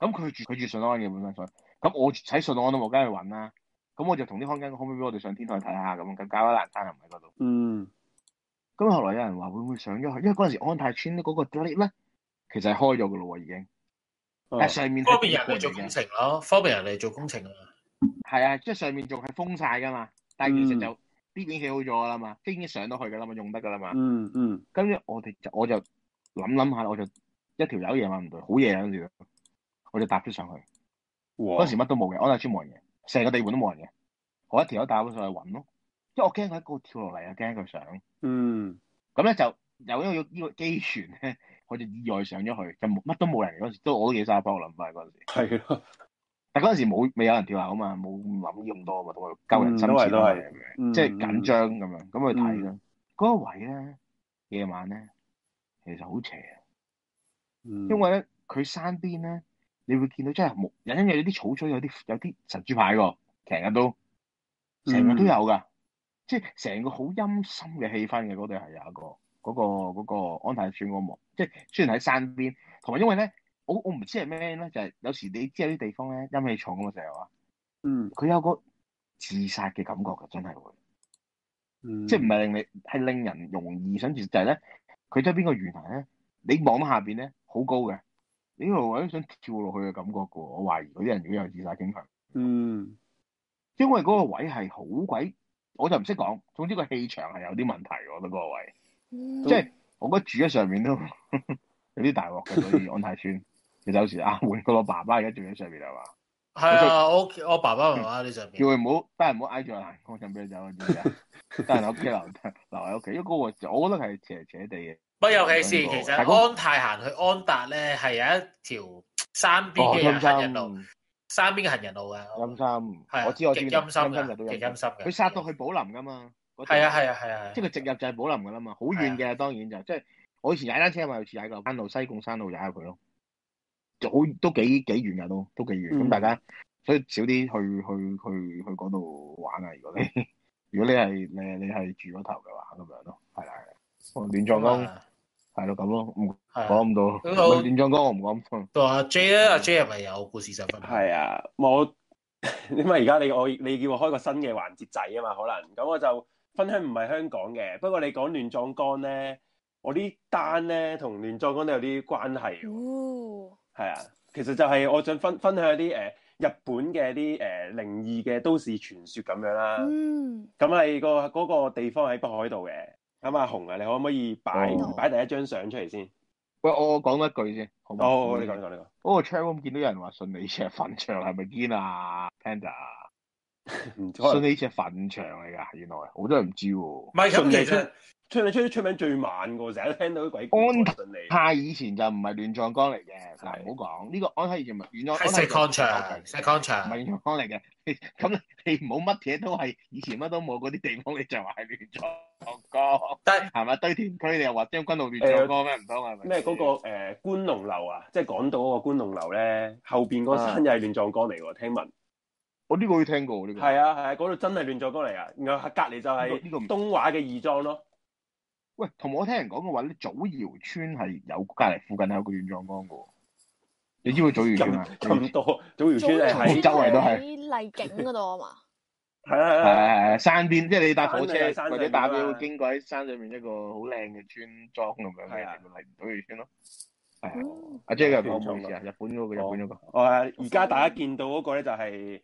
咁佢住佢住順安嘅本身上岸？咁我喺順安都冇間去揾啦。咁我就同啲康間可唔可以俾我哋上天台睇下咁？咁搞到南山又唔喺嗰度。嗯。咁後來有人話會唔會上咗去？因為嗰陣時安泰村嗰個 delete 咧，其實係開咗嘅嘞喎已經。但上面。方便人嚟做工程咯，方便人嚟做工程啊。就是、嘛。係啊，即係上面仲係封晒㗎嘛，但係其實就啲片起好咗啦嘛，已經上到去嘅啦嘛，用得㗎啦嘛。嗯嗯。跟住我哋我就諗諗下，我就，想想想我就一條友夜晚唔到，好夜嗰陣我哋搭咗上去，嗰時乜都冇嘅，安達村冇人嘅，成個地盤都冇人嘅，我一條友帶我上去揾咯，因為我驚佢一個跳落嚟啊，驚佢上。嗯，咁咧就，由於呢個機船咧，我哋意外上咗去，就冇乜都冇人。嗰時都我都幾沙包諗法嗰時。係咯，但係嗰時冇未有人跳下啊嘛，冇諗咁多啊嘛，都係救人。都係都係，即係緊張咁樣咁去睇咯。嗰個位咧，夜晚咧，其實好斜啊，因為咧佢山邊咧。你會見到真係木，有啲有啲草草，有啲有啲神主牌喎，成日都，成日都有㗎，mm. 即係成個好陰森嘅氣氛嘅，嗰度係有一個嗰、嗰個嗰個安泰村個墓，即係雖然喺山邊，同埋因為咧，我我唔知係咩咧，就係、是、有時你知有啲地方咧陰氣重嘅時候啊，嗯，佢有個自殺嘅感覺㗎，真係會，mm. 即係唔係令你係令人容易想自殺咧？佢、就、側、是、邊個懸崖咧，你望下邊咧，好高嘅。呢、呢個位都想跳落去嘅感覺嘅喎，我懷疑嗰啲人如果有自殺傾向。嗯，因為嗰個位係好鬼，我就唔識講。總之個氣場係有啲問題，我覺得嗰個位。即係我覺得住喺上面都有啲大鑊，所以安泰村其實有時阿紅個老爸爸而家住喺上面係嘛？係，我我爸爸喺上面，叫佢唔好得閒唔好挨住我行，我想俾佢走。得閒喺屋企留，留喺屋企，因為嗰個我覺得係斜斜地嘅。不尤其是其實安泰行去安達咧係有一條山邊嘅行人路，山、哦、邊嘅行人路啊，陰山，係。我知我知陰，陰山其實都有。陰森嘅，佢殺到去寶林噶嘛。係啊係啊係啊，即係佢直入就係寶林噶啦嘛，好遠嘅當然就即、是、係、就是、我以前踩單車咪有次踩個山路西貢山路踩下佢咯，就好都幾幾遠噶都都幾遠。咁、嗯、大家所以少啲去去去去嗰度玩啊！如果你、嗯、如果你係你你係住嗰頭嘅話咁樣咯，係啦，亂葬崗。係咯，咁咯，唔講唔到咯。亂葬崗我唔講。到阿 J 咧，阿 J 係咪有故事想分享？係啊，我因為而家你我你叫我開個新嘅環節仔啊嘛，可能咁我就分享唔係香港嘅，不過你講亂葬崗咧，我啲單咧同亂葬崗都有啲關係。哦，係啊，其實就係我想分分享一啲誒日本嘅啲誒靈異嘅都市傳說咁樣啦。嗯，哦，咁係個嗰個地方喺北海道嘅。咁阿紅啊，你可唔可以擺擺、oh. 第一張相出嚟先？喂，我我講一句先。哦、oh, oh, oh, oh, oh,，你講你講你講。嗰個 channel 我見到有人話，順利邨墳場，係咪堅啊？Panda，順利邨墳場嚟噶，原來好多人唔知。唔係，順利出名出名最慢喎，成日都聽到啲鬼安屯嚟。泰以前就唔係亂葬崗嚟嘅，嗱唔好講呢個安泰以前唔係亂葬崗。石礦場，石礦場，唔係亂葬崗嚟嘅。咁你哋冇乜嘢都係以前乜都冇嗰啲地方，你就話係亂葬崗？堆係嘛堆填，所以你又話將軍澳亂葬崗咩？唔通係咪？咩嗰、那個誒觀龍樓啊？即、就、係、是、港島嗰個觀龍樓咧，後邊個山又、啊、係亂葬崗嚟喎。聽聞，我、哦、呢、這個都聽過呢、這個。係啊係啊，嗰度、啊、真係亂葬崗嚟啊！然後隔離就係東華嘅義莊咯。喂，同我聽人講嘅話咧，祖堯村係有隔離附近係有個亂葬崗嘅。你知唔知祖堯村啊？咁多祖堯村咧，周圍都係麗景度啊嘛。係啊，係係山邊，即係你搭火車或者搭車經過喺山上面一個好靚嘅村莊咁樣嘅就嚟唔到祖堯村咯。阿姐、啊嗯啊啊、日本嗰個，哦、日本嗰個哦嗯，而家大家見到嗰個咧，就係、是。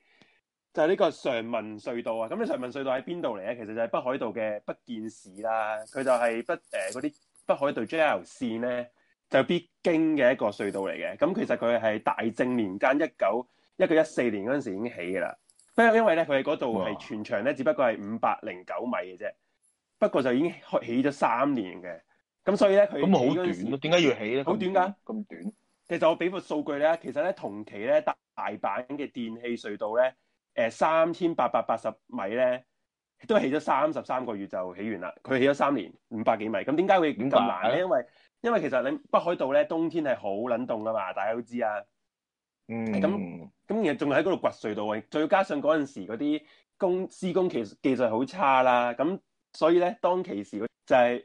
就係、呢個常文隧道啊！咁你常文隧道喺邊度嚟咧？其實就係北海道嘅北見市啦。佢就係北誒啲北海道 JR 線咧，就必經嘅一個隧道嚟嘅。咁其實佢係大正年間一九一九一四年嗰陣時候已經起㗎啦。不過因為咧，佢喺嗰度係全長咧，只不過係五百零九米嘅啫。不過就已經起咗三年嘅。咁所以咧，佢咁嗰陣時點解要起咧？好短㗎！咁短？其實我俾個數據咧，其實咧同期咧大阪嘅電氣隧道咧。誒三千八百八十米咧，都起咗三十三個月就起完啦。佢起咗三年五百幾米，咁點解會咁難咧？500？因為因為其實你北海道咧冬天係好冷凍㗎嘛，大家都知啊。嗯。咁咁其實仲喺嗰度掘隧道啊，再加上嗰陣時嗰啲工施工技技術好差啦，咁所以咧當其時就係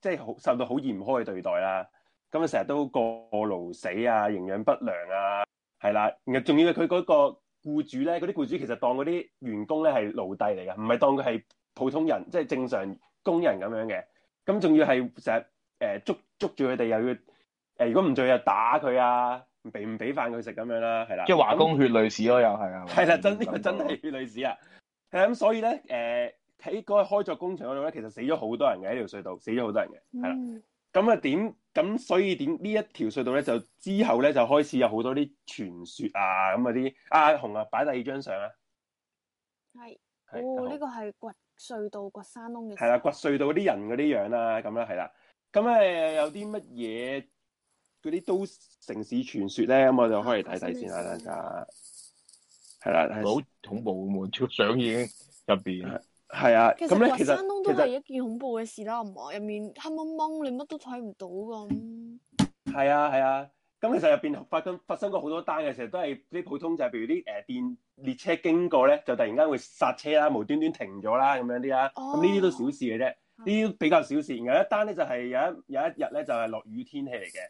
即係好受到好嚴苛嘅對待啦。咁啊成日都過勞死啊，營養不良啊，係啦，然後仲要係佢嗰個。雇主咧，嗰啲雇主其實當嗰啲員工咧係奴隸嚟嘅，唔係當佢係普通人，即係正常工人咁樣嘅。咁仲要係成日誒捉捉住佢哋，又要誒、呃、如果唔做又打佢啊，唔唔俾飯佢食咁樣啦，係啦。即係華工血淚史咯，又係啊。係啦，真呢、呢個真係血淚史啊。係咁，所以咧誒喺嗰個開鑿工程嗰度咧，其實死咗好多人嘅喺條隧道，死咗好多人嘅。係、嗯、啦，咁啊點？咁所以點？呢一條隧道咧，就之後咧就開始有好多啲傳說啊，咁嗰啲。阿、啊、紅啊，擺第二張相啊。係，哦，呢、呢個係掘隧道、掘山窿嘅。係啦，掘隧道嗰啲人嗰啲樣啊。咁啦、啊，係啦、啊。咁誒、啊、有啲乜嘢嗰啲都城市傳說咧，咁我就開嚟睇睇先啦，大家。係啦，係好恐怖嘅超相已經入邊。 係啊，咁咧其實，其實山洞都係一件恐怖嘅事啦，係入面黑掹掹，你乜都睇唔到咁。係啊係啊，咁、啊、其實入邊發緊發生過好多單嘅，時候，都係啲普通，就係譬如啲誒電列車經過咧，就突然間會剎車啦，無端端停咗啦咁樣啲啊，哦，咁呢啲都小事嘅啫，呢啲比較小事。然後一有一單咧就係有一有一日咧就係落雨天氣嚟嘅，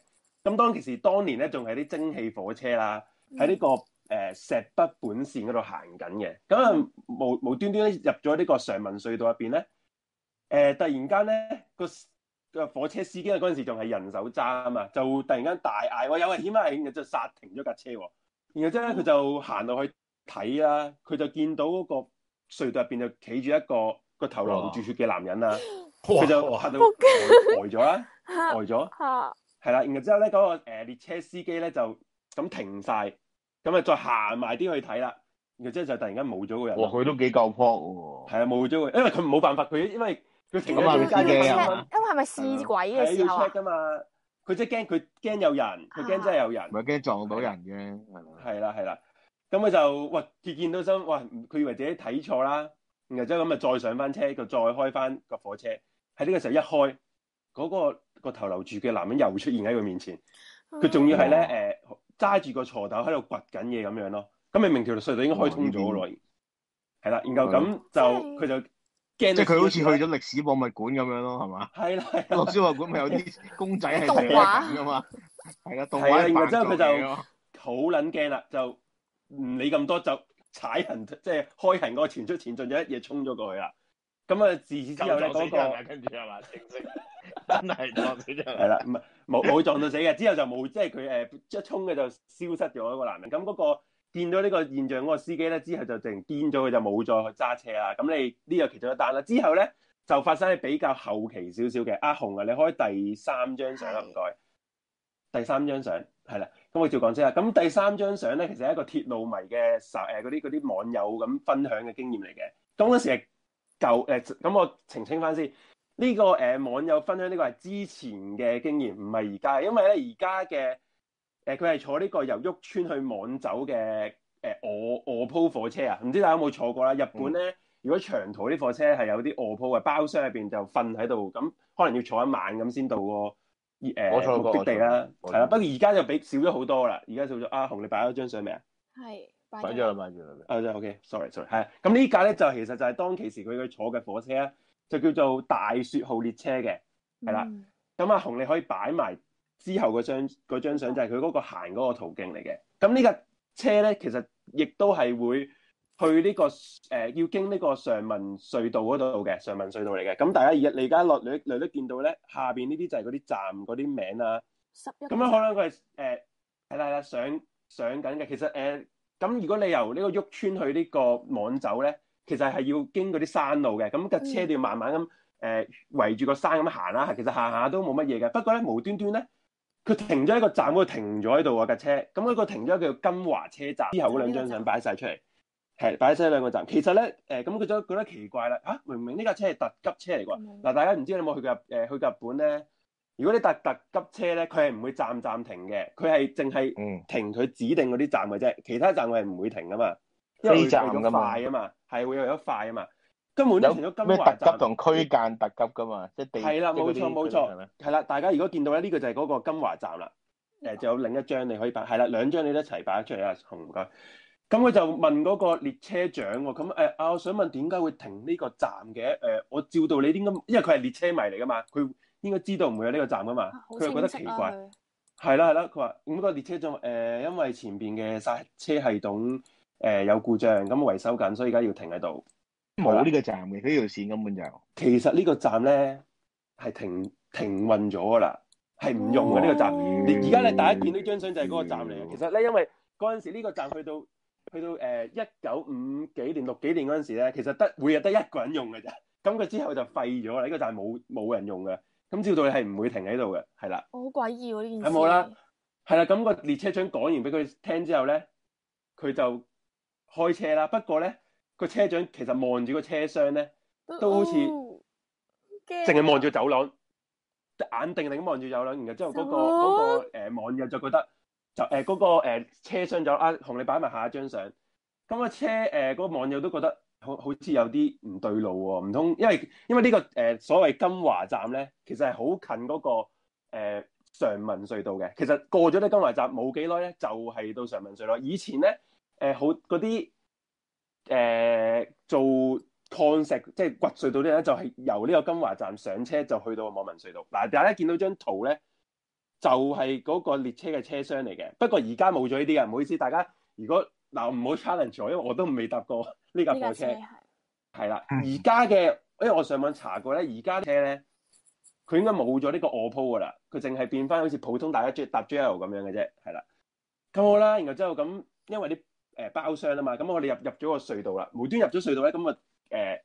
咁當其時當年咧仲係啲蒸汽火車啦，喺、嗯、呢、呢個。誒石北本線嗰度行緊嘅，咁啊無無端端咧入咗呢個常紋隧道入邊咧，誒、呃、突然間咧個、個火車司機啊嗰陣時仲係人手揸啊嘛，就突然間大嗌，哇，有危險啊！然後就剎停咗架車喎。然後之後咧佢就行落去睇啦、啊，佢就見到嗰個隧道入邊就企住一個個頭流住血嘅男人啊，佢就嚇到呆咗啦，呆咗，係啦。然後之後咧嗰個列車司機咧就咁停晒。咁咪再行埋啲去睇啦，然後即係就突然間冇咗個、哦哦啊、個人。佢都幾夠魄喎。係啊，冇咗個人，因為佢冇辦法，佢因為佢停緊車因為係咪試鬼嘅時候？係要 check 噶、啊、嘛。佢即係驚，佢驚有人，佢驚真係有人，唔係驚撞到人嘅。係啦、啊，係啦、啊。咁佢、啊啊、就哇，見到身，哇，佢以為自己睇錯啦。然後之後咁咪再上翻車，佢再開翻個火車。喺呢個時候一開，嗰、那個、那個頭留住嘅男人又出現喺佢面前。佢仲要係咧誒？啊呃揸住個鋤頭喺度掘緊嘢咁樣咯，咁咪明條隧道已應該開通咗咯，係啦，然後咁就佢就驚，即係佢好似去咗歷史博物館咁樣咯，係嘛？係啦係啦，歷史博物館咪有啲公仔係嚟嘅嘛，係 啊，動畫。係啊，然之後佢就好撚驚啦， 就唔理咁多，就踩行即係、就是、開行嗰個前出前進，就一嘢衝咗過去啦。咁、嗯、啊！自此之後咧，嗰個跟住係嘛，撞死咗，係、那、啦、個，唔係冇冇撞到死嘅。之後就冇，即係佢誒一衝嘅就消失咗一個男人。咁嗰、那個見到呢個現象嗰個司機咧，之後就突然見咗佢，就冇再去揸車啦。咁你呢個其中一單啦。之後咧就發生喺比較後期少少嘅阿紅啊，你開第三張相啦，唔該。第三張相係啦，咁 我照講先啦。咁第三張相咧，其實係一個鐵路迷嘅誒嗰啲啲網友咁分享嘅經驗嚟嘅。當嗰時。舊誒，咁、欸、我澄清翻先，呢、這個誒、呃、網友分享呢個係之前嘅經驗，唔係而家。因為咧，而家嘅誒佢係坐呢個由旭川去網走嘅誒臥臥鋪火車啊，唔知大家有冇坐過啦？日本咧、嗯、如果長途啲火車係有啲臥鋪，嘅包廂入邊就瞓喺度，咁可能要坐一晚咁先到過、呃、我坐過目的地啦。係啦，不過而家就比少咗好多啦。而家少咗阿紅，你擺咗張相未啊？係。揾咗啦，揾咗啦。OK，sorry，sorry。係、uh, 咁、okay, 呢架咧就其實就係當其時佢佢坐嘅火車啊，就叫做大雪號列車嘅，係啦。咁阿紅你可以擺埋之後嗰張嗰張相，就係佢嗰個行嗰個途徑嚟嘅。咁呢架車咧，其實亦都係會去呢、呢個誒、呃，要經呢個常文隧道嗰度嘅常文隧道嚟嘅。咁大家而家你而家落嚟你都見到咧，下邊呢啲就係嗰啲站嗰啲名啊。十一。咁樣可能佢係誒，係啦係啦，上上緊嘅。其實誒。呃咁如果你由呢個旭川去呢個網走咧，其實係要經過啲山路嘅。咁、那、架、個、車就要慢慢咁誒圍住個山咁行啦。其實下下都冇乜嘢嘅。不過咧無端端咧，佢停咗一個站嗰度停咗喺度啊架車。咁嗰停咗叫金華車站，之後嗰兩張相擺晒出嚟，係擺晒兩個站。其實咧誒咁佢都覺得奇怪啦。嚇、啊，明明呢架車係特急車嚟㗎。嗱、嗯，大家唔知你有冇去過誒去過日本咧？如果你搭特急車咧，佢係唔會站站停嘅，佢係淨係停佢指定嗰啲站嘅啫、嗯，其他站我係唔會停噶嘛，因為呢站為咗快啊嘛，係會有一快啊嘛，根本都停咗金華站同區間特急噶嘛，即係地鐵係啦，冇錯冇錯，係啦，大家如果見到咧，呢、呢個就係嗰個金華站啦。誒、呃，就有另一張你可以擺，係啦，兩張你都一齊擺出嚟啊，紅唔該。咁佢就問嗰個列車長喎、哦，咁誒、呃啊，我想問點解會停呢個站嘅？誒、呃，我照到你點解，因為佢係列車迷嚟噶嘛，佢。應該知道唔會有呢個站噶嘛，佢、啊、又、啊、覺得奇怪。係啦係啦，佢話：咁、嗯，嗰個列車仲誒、呃，因為前邊嘅煞車系統誒、呃、有故障，咁、嗯、維修緊，所以而家要停喺度。冇呢、嗯，呢個站嘅呢條線根本就、嗯……其實呢個站咧係停停運咗㗎啦，係唔用嘅呢個站。而家咧大家見到張相就係嗰個站嚟嘅。其實咧因為嗰陣時呢個站去到去到誒一九五幾年六幾年嗰陣時咧，其實得每日得一個人用嘅咋。咁佢之後就廢咗啦，呢、呢個站冇冇人用嘅。咁照道理係唔會停喺度嘅，係啦。我好詭異喎、啊、呢件事。係冇啦，係啦。咁個列車長講完俾佢聽之後咧，佢就開車啦。不過咧，個車長其實望住個車廂咧、哦，都好似驚、哦，淨係望住走廊，眼定定咁望住走廊。然後之後嗰、嗰個嗰、嗰個、嗰個呃、網友就覺得就，就誒嗰個車廂就啊，同你擺埋下一張相。咁個車嗰個網友都覺得。好好似有啲唔對路喎、哦，唔通因為因為呢、這個、呃、所謂金華站咧，其實係好近嗰、那個上民、呃、隧道嘅。其實過咗啲金華站冇幾耐咧，就係、是、到上民隧道。以前咧、呃、好嗰啲誒做礦石即係掘隧道啲人呢，就係、是、由呢個金華站上車就去到網民隧道。嗱、呃，大家見到張圖咧，就係、是、嗰個列車嘅車廂嚟嘅。不過而家冇咗呢啲嘅，唔好意思，大家如果嗱唔好 challenge 我，因為我都未搭過。呢架火車係啦，而家嘅，因為我上網查過咧，而家車咧，佢應該冇咗呢個卧鋪噶啦，佢淨係變翻好似普通大家坐搭 J L 咁樣嘅啫，係啦，咁好啦，然後之後咁，因為啲誒、呃、包廂啊嘛，咁我哋入入咗個隧道啦，無端入咗隧道咧，咁我誒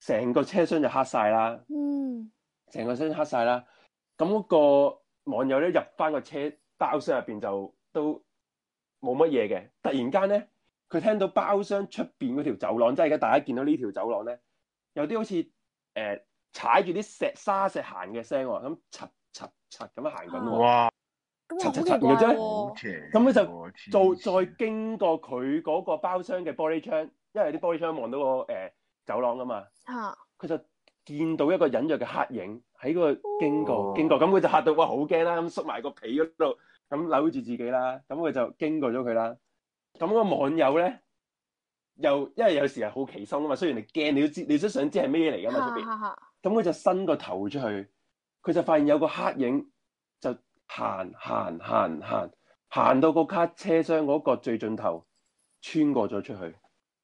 成個車廂就黑晒啦，嗯，成個車廂就黑晒啦，咁嗰個網友咧入翻個車包廂入邊就都冇乜嘢嘅，突然間咧。佢聽到包廂出邊嗰條走廊，即係而家大家見到呢條走廊咧，有啲好似誒踩住啲石沙石行嘅聲喎，咁嚓嚓嚓咁樣行緊喎，哇，嚓嚓嚓嘅啫，咁佢就再再經過佢嗰個包廂嘅玻璃窗，因為啲玻璃窗望到、個誒、呃、走廊噶嘛，嚇、啊，佢就見到一個隱約嘅黑影喺嗰度經過經過，咁、哦、佢就嚇到哇，好驚啦，咁縮埋個被嗰度，咁扭住自己啦，咁佢就經過咗佢啦。咁、個網友咧，又因為有時係好奇心啊嘛，雖然你驚，你都知你想想知係咩嚟噶嘛？出邊咁佢就伸個頭出去，佢就發現有個黑影就行行行行行到個卡車廂嗰個最盡頭，穿過咗出去。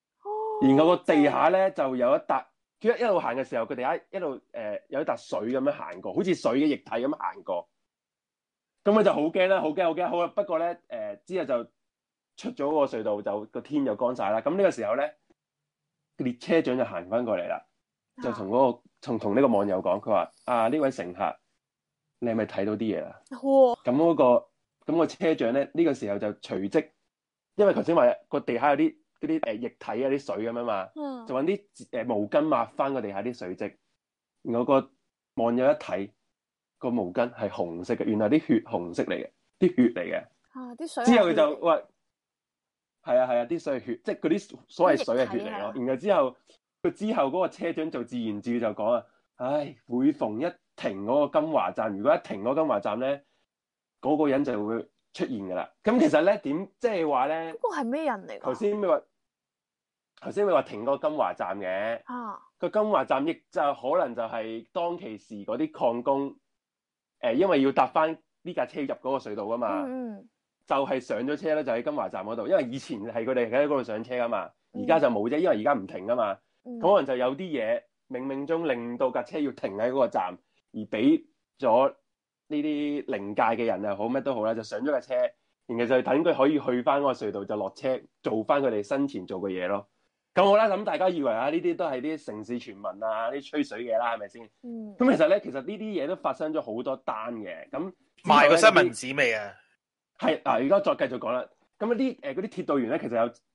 然後個地下咧就有一笪，佢一一路行嘅時候，佢哋一路誒、呃、有一笪水咁樣行過，好似水嘅液體咁樣行過。咁佢就好驚啦，好驚好驚好啦，不過咧，誒、呃、之後就。出咗嗰個隧道就個天就乾晒啦。咁呢個時候咧，列車長就行翻過嚟啦，就同嗰、嗰個同同呢個網友講，佢話：啊呢位乘客，你係咪睇到啲嘢啦？咁、哦、嗰、嗰個咁個車長咧，呢、呢個時候就隨即，因為頭先話個地下有啲啲誒液體啊、啲水咁樣嘛，嗯、就揾啲誒毛巾抹翻個地下啲水漬。然後個網友一睇、嗰個毛巾係紅色嘅，原來啲血紅色嚟嘅，啲血嚟嘅。嚇、啊！啲水之後佢就話。係啊係啊，啲、啊、水係血，即係嗰啲所謂水係血嚟咯。然後之後，佢之後嗰個車長做自然照就講啊，唉，每逢一停嗰個金華站，如果一停嗰金華站咧，嗰、嗰個人就會出現㗎啦。咁其實咧點即係話咧？嗰、嗰個係咩人嚟？頭先你話，頭先你話停嗰金華站嘅。哦。個金華站亦、啊、就可能就係當其時嗰啲礦工，誒、呃，因為要搭返呢架車入嗰個隧道㗎嘛。嗯。就係、是、上咗車啦，就喺金華站嗰度，因為以前係佢哋喺嗰度上車噶嘛，而家就冇啫，因為而家唔停噶嘛，咁、嗯、可能就有啲嘢冥冥中令到架車要停喺嗰個站，而俾咗呢啲靈界嘅人啊，好乜都好啦，就上咗架車，然後就等佢可以去翻嗰個隧道就落車做翻佢哋生前做嘅嘢咯。咁好啦，咁大家以為啊，呢啲都係啲城市傳聞啊，啲吹水嘢啦、啊，係咪先？咁、嗯、其實咧，其實呢啲嘢都發生咗好多單嘅。咁賣個新聞紙未啊？係嗱，而家再繼續講啦。咁啲誒啲鐵道員咧，其實有集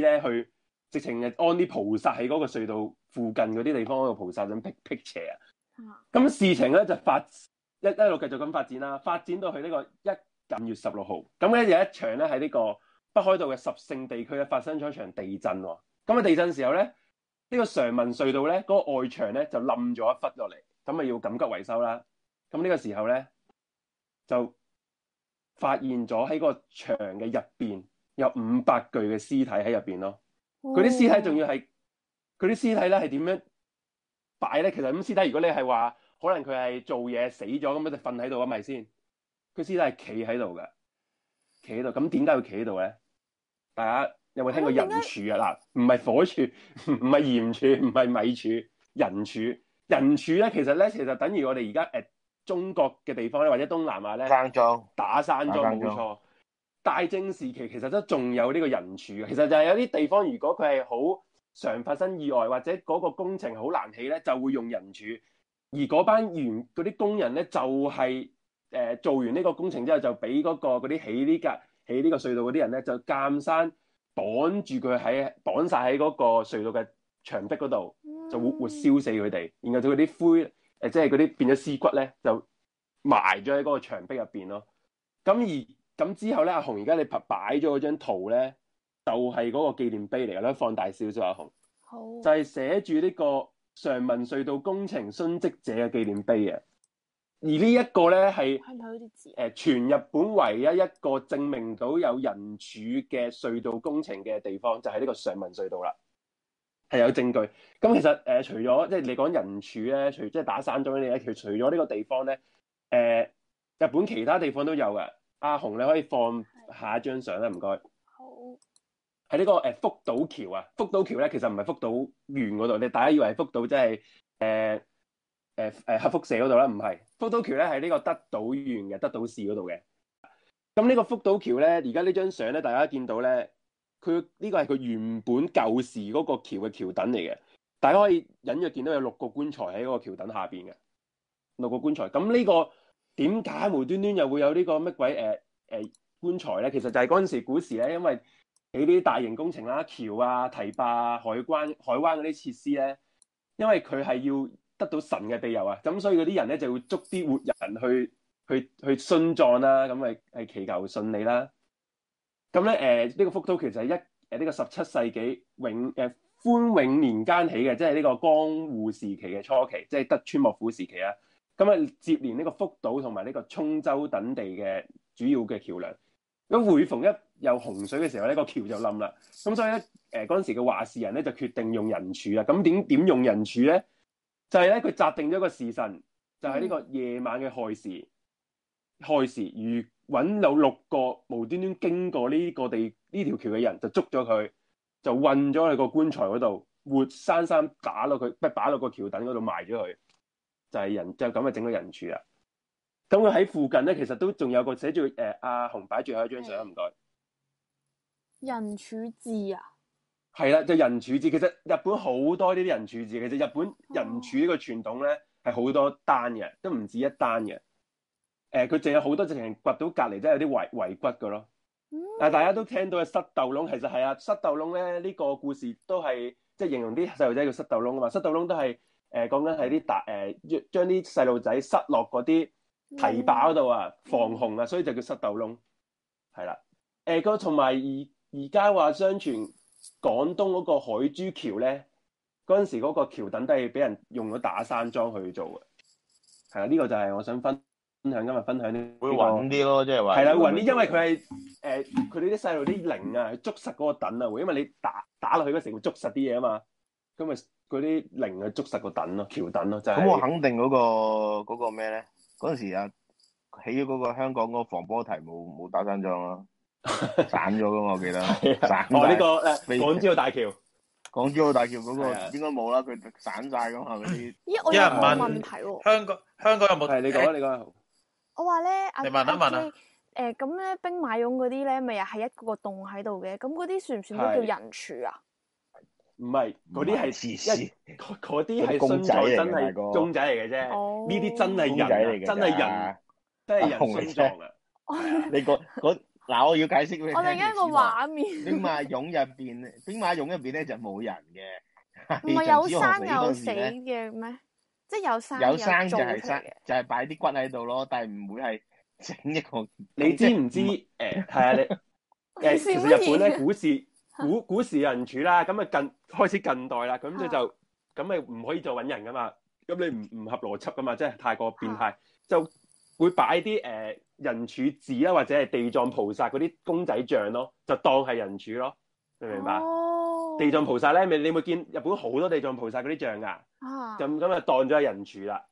資咧，去直情誒安啲菩薩喺嗰個隧道附近嗰啲地方嗰個菩薩咁辟辟邪啊。咁、嗯、事情咧就發一一路繼續咁發展啦。發展到去呢個一近月十六號，咁咧有一場咧喺呢個北海道嘅十勝地區咧發生咗一場地震。咁啊地震的時候咧，呢、呢個常民隧道咧嗰、嗰個外牆咧就冧咗一忽落嚟，咁啊要緊急維修啦。咁呢個時候咧就。發現咗喺嗰個牆嘅入邊有五百具嘅屍體喺入邊咯。嗰啲屍體仲要係嗰啲屍體咧係點樣擺咧？其實咁屍體，如果你係話可能佢係做嘢死咗咁，佢就瞓喺度啊，咪先？佢屍體係企喺度㗎，企喺度。咁點解會企喺度咧？大家有冇聽過人柱啊？嗱，唔係火柱，唔係鹽柱，唔係米柱，人柱。人柱咧，其實咧，其實等於我哋而家誒。中國嘅地方咧，或者東南亞咧，生樁打生樁冇錯。大正時期其實都仲有呢個人柱嘅，其實就係有啲地方，如果佢係好常發生意外，或者嗰個工程好難起咧，就會用人柱。而嗰班員啲工人咧，就係、是、誒、呃、做完呢個工程之後，就俾嗰、那個嗰啲起呢、這、架、個、起呢個隧道嗰啲人咧，就監生綁住佢喺綁晒喺嗰個隧道嘅牆壁嗰度，就會會燒死佢哋，然後就啲灰。即係嗰啲變咗屍骨咧，就埋咗喺嗰個牆壁入邊咯。咁而咁之後咧，阿紅而家你擺咗嗰張圖咧，就係、是、嗰個紀念碑嚟嘅啦。放大少少。阿紅，好就係寫住呢個常聞隧道工程殉職者嘅紀念碑啊。而呢一個咧係誒，全日本唯一一個證明到有人柱嘅隧道工程嘅地方，就喺、是、呢個常聞隧道啦。係有證據，咁其實誒、呃、除咗即係你講人柱咧，除即係、就是、打散咗你咧，其實除咗呢個地方咧，誒、呃、日本其他地方都有㗎。阿紅你可以放下一張相啦，唔該。好。喺呢個誒福島橋啊，福島橋咧其實唔係福島縣嗰度，你大家以為福島即係誒誒誒核輻射嗰度啦？唔、呃、係、呃呃呃，福島橋咧係呢個德島縣嘅德島市嗰度嘅。咁呢個福島橋咧，而家呢張相咧，大家見到咧。佢呢、呢個係佢原本舊時嗰個橋嘅橋墩嚟嘅，大家可以隱約見到有六個棺材喺嗰個橋墩下邊嘅六個棺材。咁呢、呢個點解無端端又會有呢個乜鬼誒誒棺材咧？其實就係嗰陣時候古時咧，因為起啲大型工程啦、啊、橋啊、堤壩啊、海關海灣嗰啲設施咧，因為佢係要得到神嘅庇佑啊，咁所以嗰啲人咧就會捉啲活人去去去殉葬啦、啊，咁係係祈求順利啦、啊。咁咧誒呢個福島其實係一誒呢、呃呢個十七世紀永誒、呃、寬永年間起嘅，即係呢個江戶時期嘅初期，即係德川幕府時期啦、啊。咁、嗯、啊接連呢個福島同埋呢個沖州等地嘅主要嘅橋梁，咁每逢一有洪水嘅時候呢、呢個橋就冧啦。咁所以咧誒嗰陣時嘅話事人咧就決定用人柱啊。咁點點用人柱咧？就係咧佢閘定咗個時辰，就係、是、呢個夜晚嘅亥時，亥、嗯、時如。揾有六,六個無端端經過呢個地呢條橋嘅人，就捉咗佢，就運咗去個棺材嗰度，活生生打落佢，不擺落個橋墩嗰度埋咗佢，就係、是、人就咁啊，整個人柱啊！咁佢喺附近咧，其實都仲有一個寫住誒阿紅擺住喺張相唔該。人柱字啊，係啦，就人柱字，其實日本好多呢啲人柱字，其實，日本人柱呢個傳統咧係好多單嘅，都唔止一單嘅。誒佢淨有好多直情人掘到隔離，真係有啲遺遺骨嘅咯。但係大家都聽到嘅塞竇窿，其實係啊，塞竇窿咧呢個故事都係即係形容啲細路仔叫塞竇窿啊嘛。塞竇窿都係誒講緊喺啲大誒、呃、將啲細路仔塞落嗰啲堤壩嗰度啊，防洪啊，所以就叫塞竇窿係啦。誒同埋而而家話相傳廣東嗰個海珠橋咧嗰陣時嗰個橋墩都係俾人用咗打生樁去做嘅係啊，呢個就係我想分。分享今日分享啲會穩啲咯，即係話係啦，穩啲，因為佢係誒佢哋啲細路啲靈啊，捉實嗰個墩啊，會因為你打打落去嗰時會捉實啲嘢啊嘛，因為嗰啲靈啊捉實個墩咯，橋墩咯，就係、是。咁我肯定嗰、那個嗰、那個咩咧？嗰陣時啊，起咗嗰個香港嗰個防波堤冇冇打山仗咯，散咗噶嘛我記得。 啊、哦，呢、這個誒港珠澳大橋，港珠澳大橋嗰、那個、啊、應該冇啦，佢散曬咁係咪先？因為問題喎，香港香港有冇睇？你 講啊，你講。你我話咧，阿你慢慢問啦，誒，咁咧，兵馬俑嗰啲咧，咪又係一個個洞喺度嘅，咁嗰啲算唔算都叫人柱啊？唔係，嗰啲係設施，嗰啲係公仔嚟嘅，公仔嚟嘅啫。呢啲真係人嚟嘅，真係人，真係人塑造嘅。你個嗱，我要解釋畀你。我突然間個畫面。兵馬俑入邊，兵馬俑入邊咧就冇人嘅。唔係有生有死嘅咩？即係有生有，有生就係生，就係擺啲骨喺度咯，但係唔會係整一個不。你知唔知誒？係、呃、啊，你 誒、呃、其實日本咧古時古古時人柱啦，咁啊近開始近代啦，咁你就咁咪唔可以再揾人噶嘛？咁你唔唔合邏輯噶嘛？真係太過變態， 就會擺啲誒人柱子啦，或者係地藏菩薩嗰啲公仔像咯，就當係人柱咯，明唔明白？哦地藏菩薩咧，咪你有冇見日本好多地藏菩薩嗰啲像噶？啊！咁咁啊，當咗人柱啦，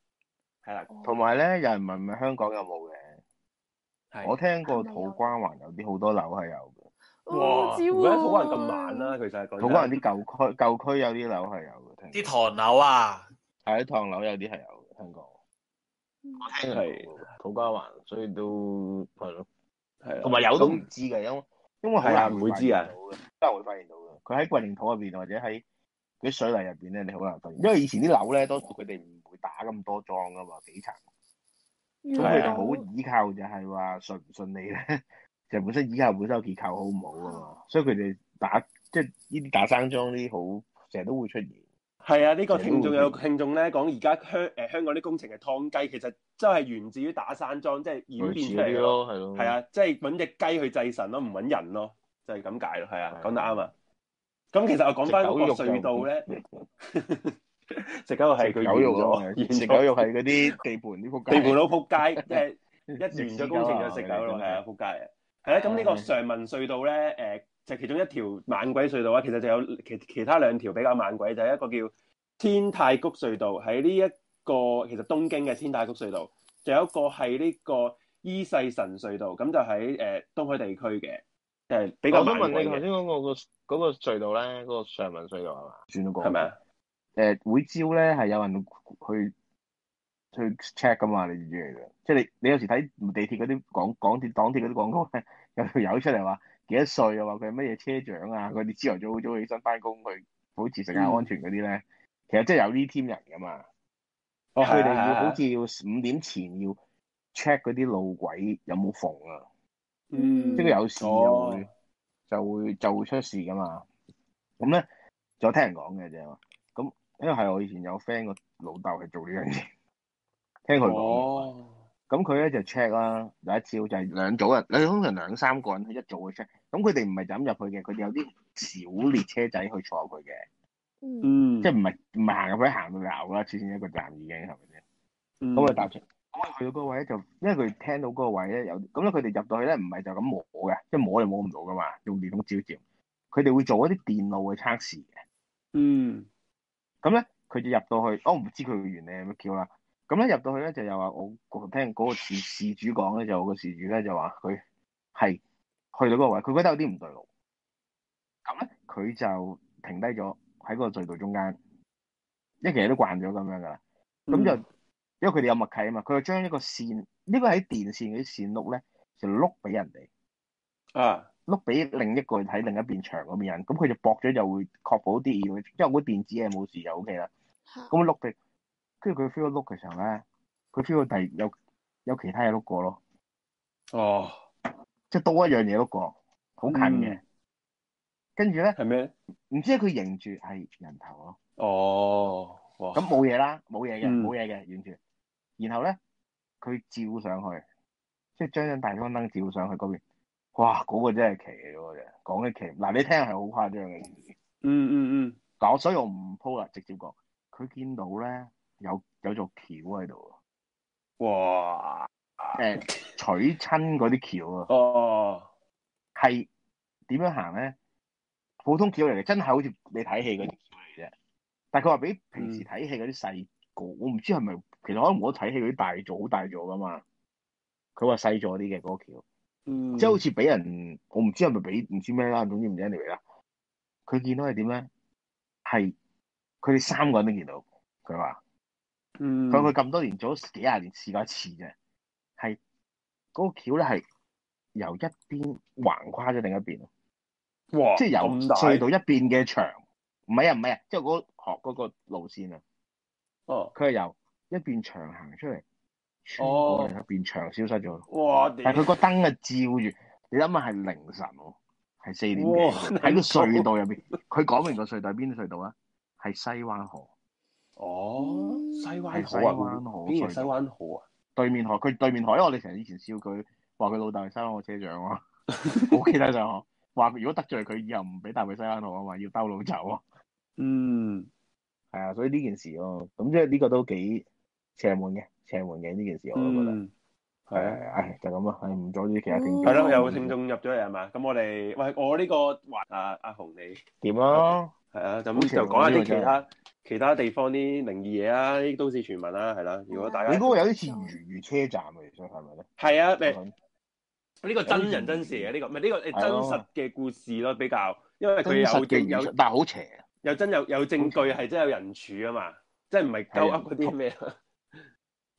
係啦。同埋咧，有人問唔係香港有冇嘅？我聽過土瓜灣有啲好多樓係有嘅。哇！哦我啊、土瓜灣咁猛啦，其實講土瓜灣啲舊區舊區有啲樓係有嘅。啲唐樓啊，係啲唐樓有啲係有嘅。香港，我聽係土瓜灣，所以都係咯，係同埋有都唔知嘅，因為因為係唔會知啊，都係會發現到。佢喺桂林土入邊，或者喺啲水泥入邊咧，你好難對，因為以前啲樓咧，多數佢哋唔會打咁多樁噶嘛，幾層，咁佢就好依靠就係話順唔順利咧，就本身依靠本身個結構好唔好啊，yeah. 所以佢哋打即係呢啲打山莊啲好成日都會出現。係啊，呢個聽眾有個聽眾咧講而家香誒香港啲工程嘅劏雞，其實真係源自於打山莊，即係演變嚟咯。係咯。係啊，即係揾隻雞去祭神咯，唔揾人咯，就係咁解咯。係啊，講得啱啊。咁其實我講翻個隧道咧，食狗肉係佢狗肉咯，完成狗肉係嗰啲地盤啲仆街，地盤佬仆街，即係、就是、一完咗工程就食狗肉，係啊仆街啊，係啦。咁呢、啊這個常文隧道咧，誒、呃、就是、其中一條猛鬼隧道啊。其實就有其其他兩條比較猛鬼，就係、是、一個叫天泰谷隧道，喺呢一個其實東京嘅天泰谷隧道，仲有一個係呢個伊勢神隧道，咁就喺誒、呃、東海地區嘅。誒、嗯，我想問你頭先嗰個個嗰、嗰個隧道咧，嗰、嗰個上文隧道係嘛？轉咗過係咪啊？誒，每朝咧係有人去去 check 噶嘛？你知唔知嚟嘅？即係你你有時睇地鐵嗰啲廣港鐵、港鐵嗰啲廣告咧，有條友出嚟話幾多歲啊？話佢係乜嘢車長啊？嗰啲朝頭早早起身返工去保持乘客安全嗰啲咧，其實即係有呢 team 人噶嘛？哦，佢哋要、啊、好似要五點前要 check 嗰啲路軌有冇縫啊？嗯，即係有事又會、哦、就會就會出事噶嘛。咁咧，就聽人講嘅啫。咁因為係我以前有 friend 個老豆係做呢樣嘢，聽佢講。咁佢咧就 check 啦，有一次就係兩組人，誒通常兩三個人一組去 check。咁佢哋唔係就咁入去嘅，佢哋有啲小列車仔去坐佢嘅。嗯，即係唔係唔係行入去行到嬲啦，黐線，一個站已經係咪先？咁佢搭車。嗯去到嗰個位咧，就因為佢聽到嗰個位咧有，咁咧佢哋入到去咧唔係就咁摸嘅，即係摸就摸唔到噶嘛，用電筒照照，佢哋會做一啲電路嘅測試嘅。嗯，咁咧佢就入到去，我、哦、唔知佢嘅原理係乜叫啦。咁咧入到去咧就又話我，我聽嗰個事事主講咧就我個事主咧就話佢係去到嗰個位，佢覺得有啲唔對路。咁咧佢就停低咗喺個隧道中間，因為其實都慣咗咁樣噶啦，咁就。嗯因為佢哋有默契啊嘛，佢就將呢個線，呢個喺電線嗰啲線碌咧，就碌俾人哋啊，碌、uh, 俾另一個喺另一邊牆嗰邊人，咁佢就駁咗就會確保啲嘢，即係冇電子嘢冇事就 OK 啦。咁碌嘅，跟住佢 feel 到碌嘅時候咧，佢 feel 到第有有其他嘢碌過咯，哦，即係多一樣嘢碌過，好近嘅，mm. 跟住咧係咩？唔知佢認住係人頭咯。哦，哇，咁冇嘢啦，冇嘢嘅，冇嘢嘅，mm. 完全。然後咧，佢照上去，即係將盞大光燈，燈照上去嗰邊，哇！嗰、嗰個真係奇嘅，講啲奇嗱，你聽係好誇張嘅。嗯嗯嗯。嗱、嗯，所以我唔鋪啦，直接講，佢見到咧有有座橋喺度，哇！誒，娶親嗰啲橋啊，哦，係點樣行咧？普通橋嚟嘅，真係好似你睇戲嗰啲橋嚟啫。但係佢話比平時睇戲嗰啲細個，嗯、我唔知係咪。其實可能我睇戲嗰啲大座好大座噶嘛，佢話細咗啲嘅嗰個橋，嗯，即係好似俾人，我唔知係咪俾唔知咩啦，總之唔知點嚟啦。佢見到係點咧？係佢哋三個人都見到，佢話，嗯，佢佢咁多年，做幾廿年試過一次啫，係嗰、嗰個橋咧係由一邊橫跨咗另一邊哇，即係由隧道一邊嘅牆，唔係啊唔係啊，即係嗰學嗰個路線啊，哦，佢係由。一邊牆行出嚟，哦，一邊牆消失咗。哇！但係佢個燈啊照住，你諗下係凌晨，係四點幾喺個隧道入邊。佢講明個隧道邊啲隧道啊，係西灣河。哦，西灣河，西灣河，邊個西灣河啊？對面河，佢對面海因為，我哋成日以前笑佢，話佢老豆係西灣河車長啊。好 記得就係話，如果得罪佢，以後唔俾帶去西灣河啊，話要兜路走啊。嗯，係啊，所以呢件事咯，咁即係呢個都幾。邪門嘅，邪門嘅呢件事我都覺得係係、嗯啊哎，就咁咯，係唔阻住其他聽眾係咯，有聽眾入咗嚟係嘛？咁我哋喂，我呢、這個阿阿紅你點咯？係啊，啊，就咁就講下啲其他其他地方啲靈異嘢啦，都市傳聞啦，係啦、啊。如果大家，如果有啲似如如車站嘅，係咪咧？係啊，呢、啊嗯這個真人真事啊，呢、這個唔係呢個真實嘅故事咯，比較因為佢有有，但係好邪，有真有有證據係真有人處啊嘛，即係唔係鳩噏嗰啲咩？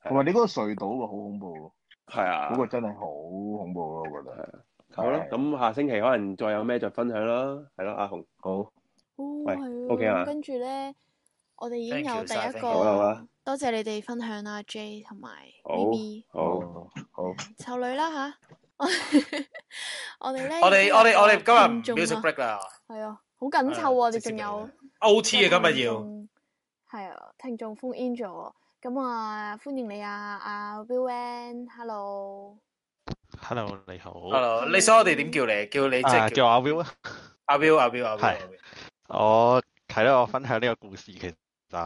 同埋你嗰個隧道啊，好恐怖，係啊，嗰、嗰個真係好恐怖咯，我覺得係啊。好啦，咁、啊、下星期可能再有咩再分享啦，係咯、啊，阿紅好。O、哦、K 啊。Okay、跟住咧，我哋已經有第一個。好多謝你哋分享啦，Jay 同埋 b b 好，好，好。臭女啦吓，我哋咧。我哋我哋我哋今日 music break 啦。係啊，好緊湊啊，我哋仲有 O T 啊，今日要。係啊，聽眾 phone in 環節。咁啊，歡迎你啊，阿、啊、Bill，Hello，Hello，a n Hello. Hello, 你好，Hello，你想我哋點叫你？叫你即、uh, 叫阿 Bill，阿 Bill，阿 Bill，阿 Bill 係我睇到我分享呢個故事，其實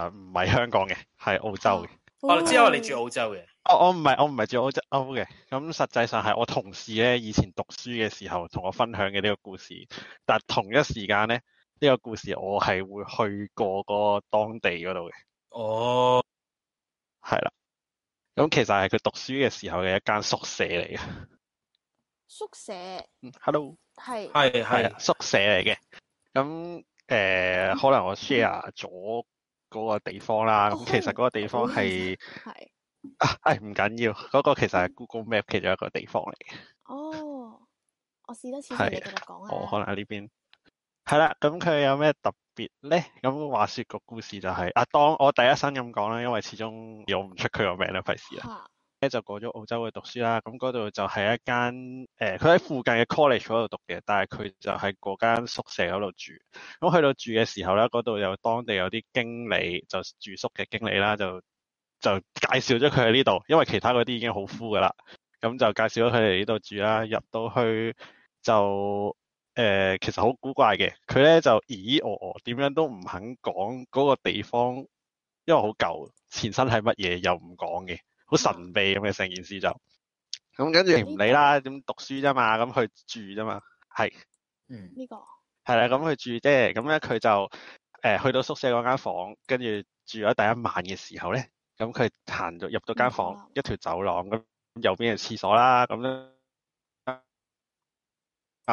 唔係香港嘅，係澳洲嘅、oh. 哦。我知我你住澳洲嘅，我我唔係我唔係住澳洲歐嘅。咁實際上係我同事咧，以前讀書嘅時候同我分享嘅呢個故事，但係同一時間咧，呢個故事我係會去過個當地嗰度嘅。哦、oh.。係啦，咁其實係佢讀書嘅時候嘅一間宿舍嚟嘅。宿舍，hello 係，係係宿舍嚟嘅。咁誒、呃嗯，可能我 share 咗嗰個地方啦。咁、嗯、其實嗰個地方係係、嗯嗯、啊，係唔緊要，嗰、嗯嗰個其實係 Google Map 其中一個地方嚟嘅。哦，我試多次你繼續講啊。哦， 我可能喺呢邊。係啦，咁佢有咩特別咧？咁話說個故事就係、是、啊，當我第一身咁講啦，因為始終我唔出佢個名啦，費事啦。咧就過咗澳洲去讀書啦，咁嗰度就係一間誒，佢、呃、喺附近嘅 college 嗰度讀嘅，但係佢就喺嗰間宿舍嗰度住。咁去到住嘅時候咧，嗰度有當地有啲經理，就住宿嘅經理啦，就就介紹咗佢喺呢度，因為其他嗰啲已經好 full 㗎啦。咁就介紹咗佢嚟呢度住啦。入到去就。誒、呃、其實好古怪嘅，佢咧就咦咦哦哦，點、呃呃、樣都唔肯講嗰個地方，因為好舊，前身係乜嘢又唔講嘅，好神秘咁嘅成件事就咁，跟住唔理啦，點讀書啫嘛，咁去住啫嘛，係，嗯，呢個係啦，咁去住啫，咁咧佢就誒、呃、去到宿舍嗰間房，跟住住咗第一晚嘅時候咧，咁佢行入到間房、嗯、一條走廊，咁右邊係廁所啦，咁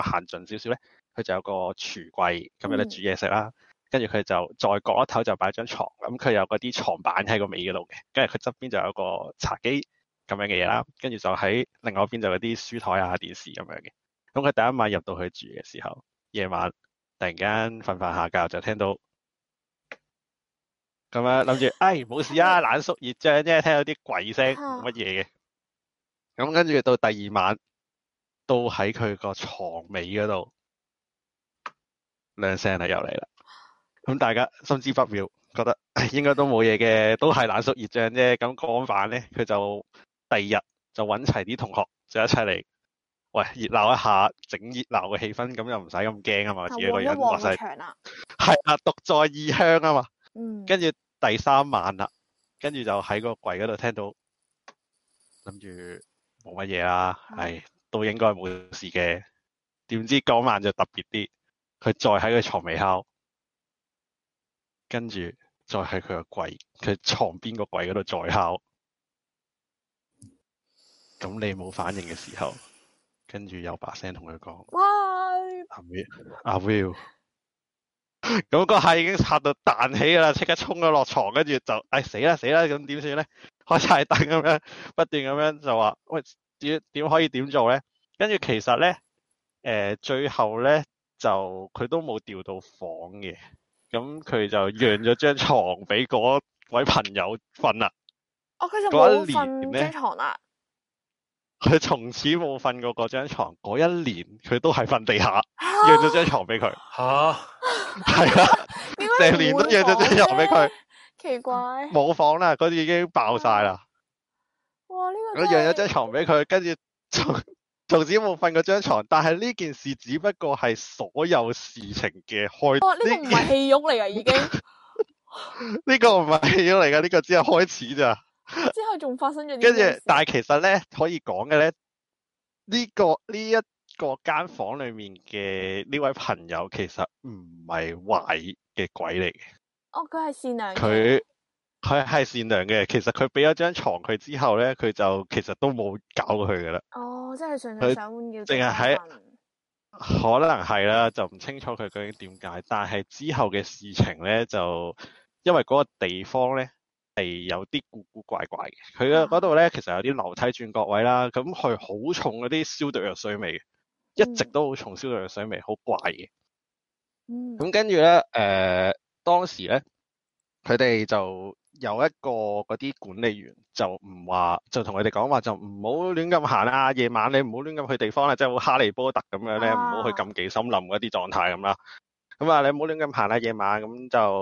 行進少少咧，佢就有個廚櫃咁樣咧、嗯、煮嘢食啦。跟住佢就再角落頭就擺張床。咁、嗯、佢有嗰啲床板喺個尾嗰度嘅。跟住佢側邊就有個茶幾咁樣嘅嘢啦。跟住就喺另外一邊就有啲書枱啊、電視咁樣嘅。咁佢第一晚入到去住嘅時候，夜晚突然間瞓瞓下覺就聽到咁樣，諗住誒冇事啊， 冷縮熱漲啫，聽到啲鬼聲乜嘢嘅。咁跟住到第二晚。都喺佢個床尾嗰度，兩聲啊，又嚟啦。咁大家心知不妙，覺得應該都冇嘢嘅，都係冷縮熱脹啫。咁講返咧，佢就第二日就揾齊啲同學就一齊嚟喂熱鬧一下，整熱鬧嘅氣氛，咁又唔使咁驚啊嘛。自己個人話晒係啊，獨、啊、在異鄉啊嘛，嗯、跟住第三晚啦，跟住就喺個櫃嗰度聽到諗住冇乜嘢啦係。都應該冇事嘅，點知嗰晚就特別啲，佢再喺佢床尾敲，跟住再喺佢個櫃，佢床邊個櫃嗰度再敲。咁你冇反應嘅時候，有跟住又把聲同佢講：喂，阿 Will，阿 Will，咁嗰下已經吓到彈起啦，即刻衝咗落床，跟住就，唉，死啦死啦，咁點算咧？開晒燈咁樣，不斷咁樣就話喂。點點可以點做咧？跟住其實咧，誒、呃，最後咧就佢都冇調到房嘅，咁、嗯、佢就讓咗張床俾嗰位朋友瞓啦。哦，佢就冇瞓張床啦。佢從此冇瞓過嗰張床，嗰一年佢都係瞓地下，讓咗張床俾佢。吓，係啊，成、啊、 年都讓咗張床俾佢。奇怪。冇房啦，啲已經爆晒啦。啊我讓咗張床俾佢，跟住從從此冇瞓過張床，但係呢件事只不過係所有事情嘅開。呢、哦哦這個唔係戲肉嚟噶，已經呢 個唔係戲肉嚟噶，呢、這個只係開始咋。之後仲發生咗。跟住，但係其實咧可以講嘅咧，呢、這個呢一個間房裏面嘅呢位朋友，其實唔係壞嘅鬼嚟嘅。哦，佢係善良。佢。佢係善良嘅，其實佢俾咗張床佢之後咧，佢就其實都冇搞過佢噶啦。哦，即係純粹想換尿墊。淨係喺可能係啦，就唔清楚佢究竟點解。但係之後嘅事情咧，就因為嗰個地方咧係有啲古古怪怪嘅。佢嗰度咧，其實有啲樓梯轉角位啦，咁佢好重嗰啲消毒藥水味，嗯，一直都好重消毒藥水味，好怪嘅。嗯。咁跟住咧，誒、呃，當時咧，佢哋就。有一個啲管理員就唔話就同佢哋講，話就唔好亂咁行啊，夜晚你唔好亂咁去地方啦，即係好哈利波特咁樣咧，唔好去禁忌森林嗰啲狀態咁啦。咁啊，你唔好亂咁行啦，夜晚咁就。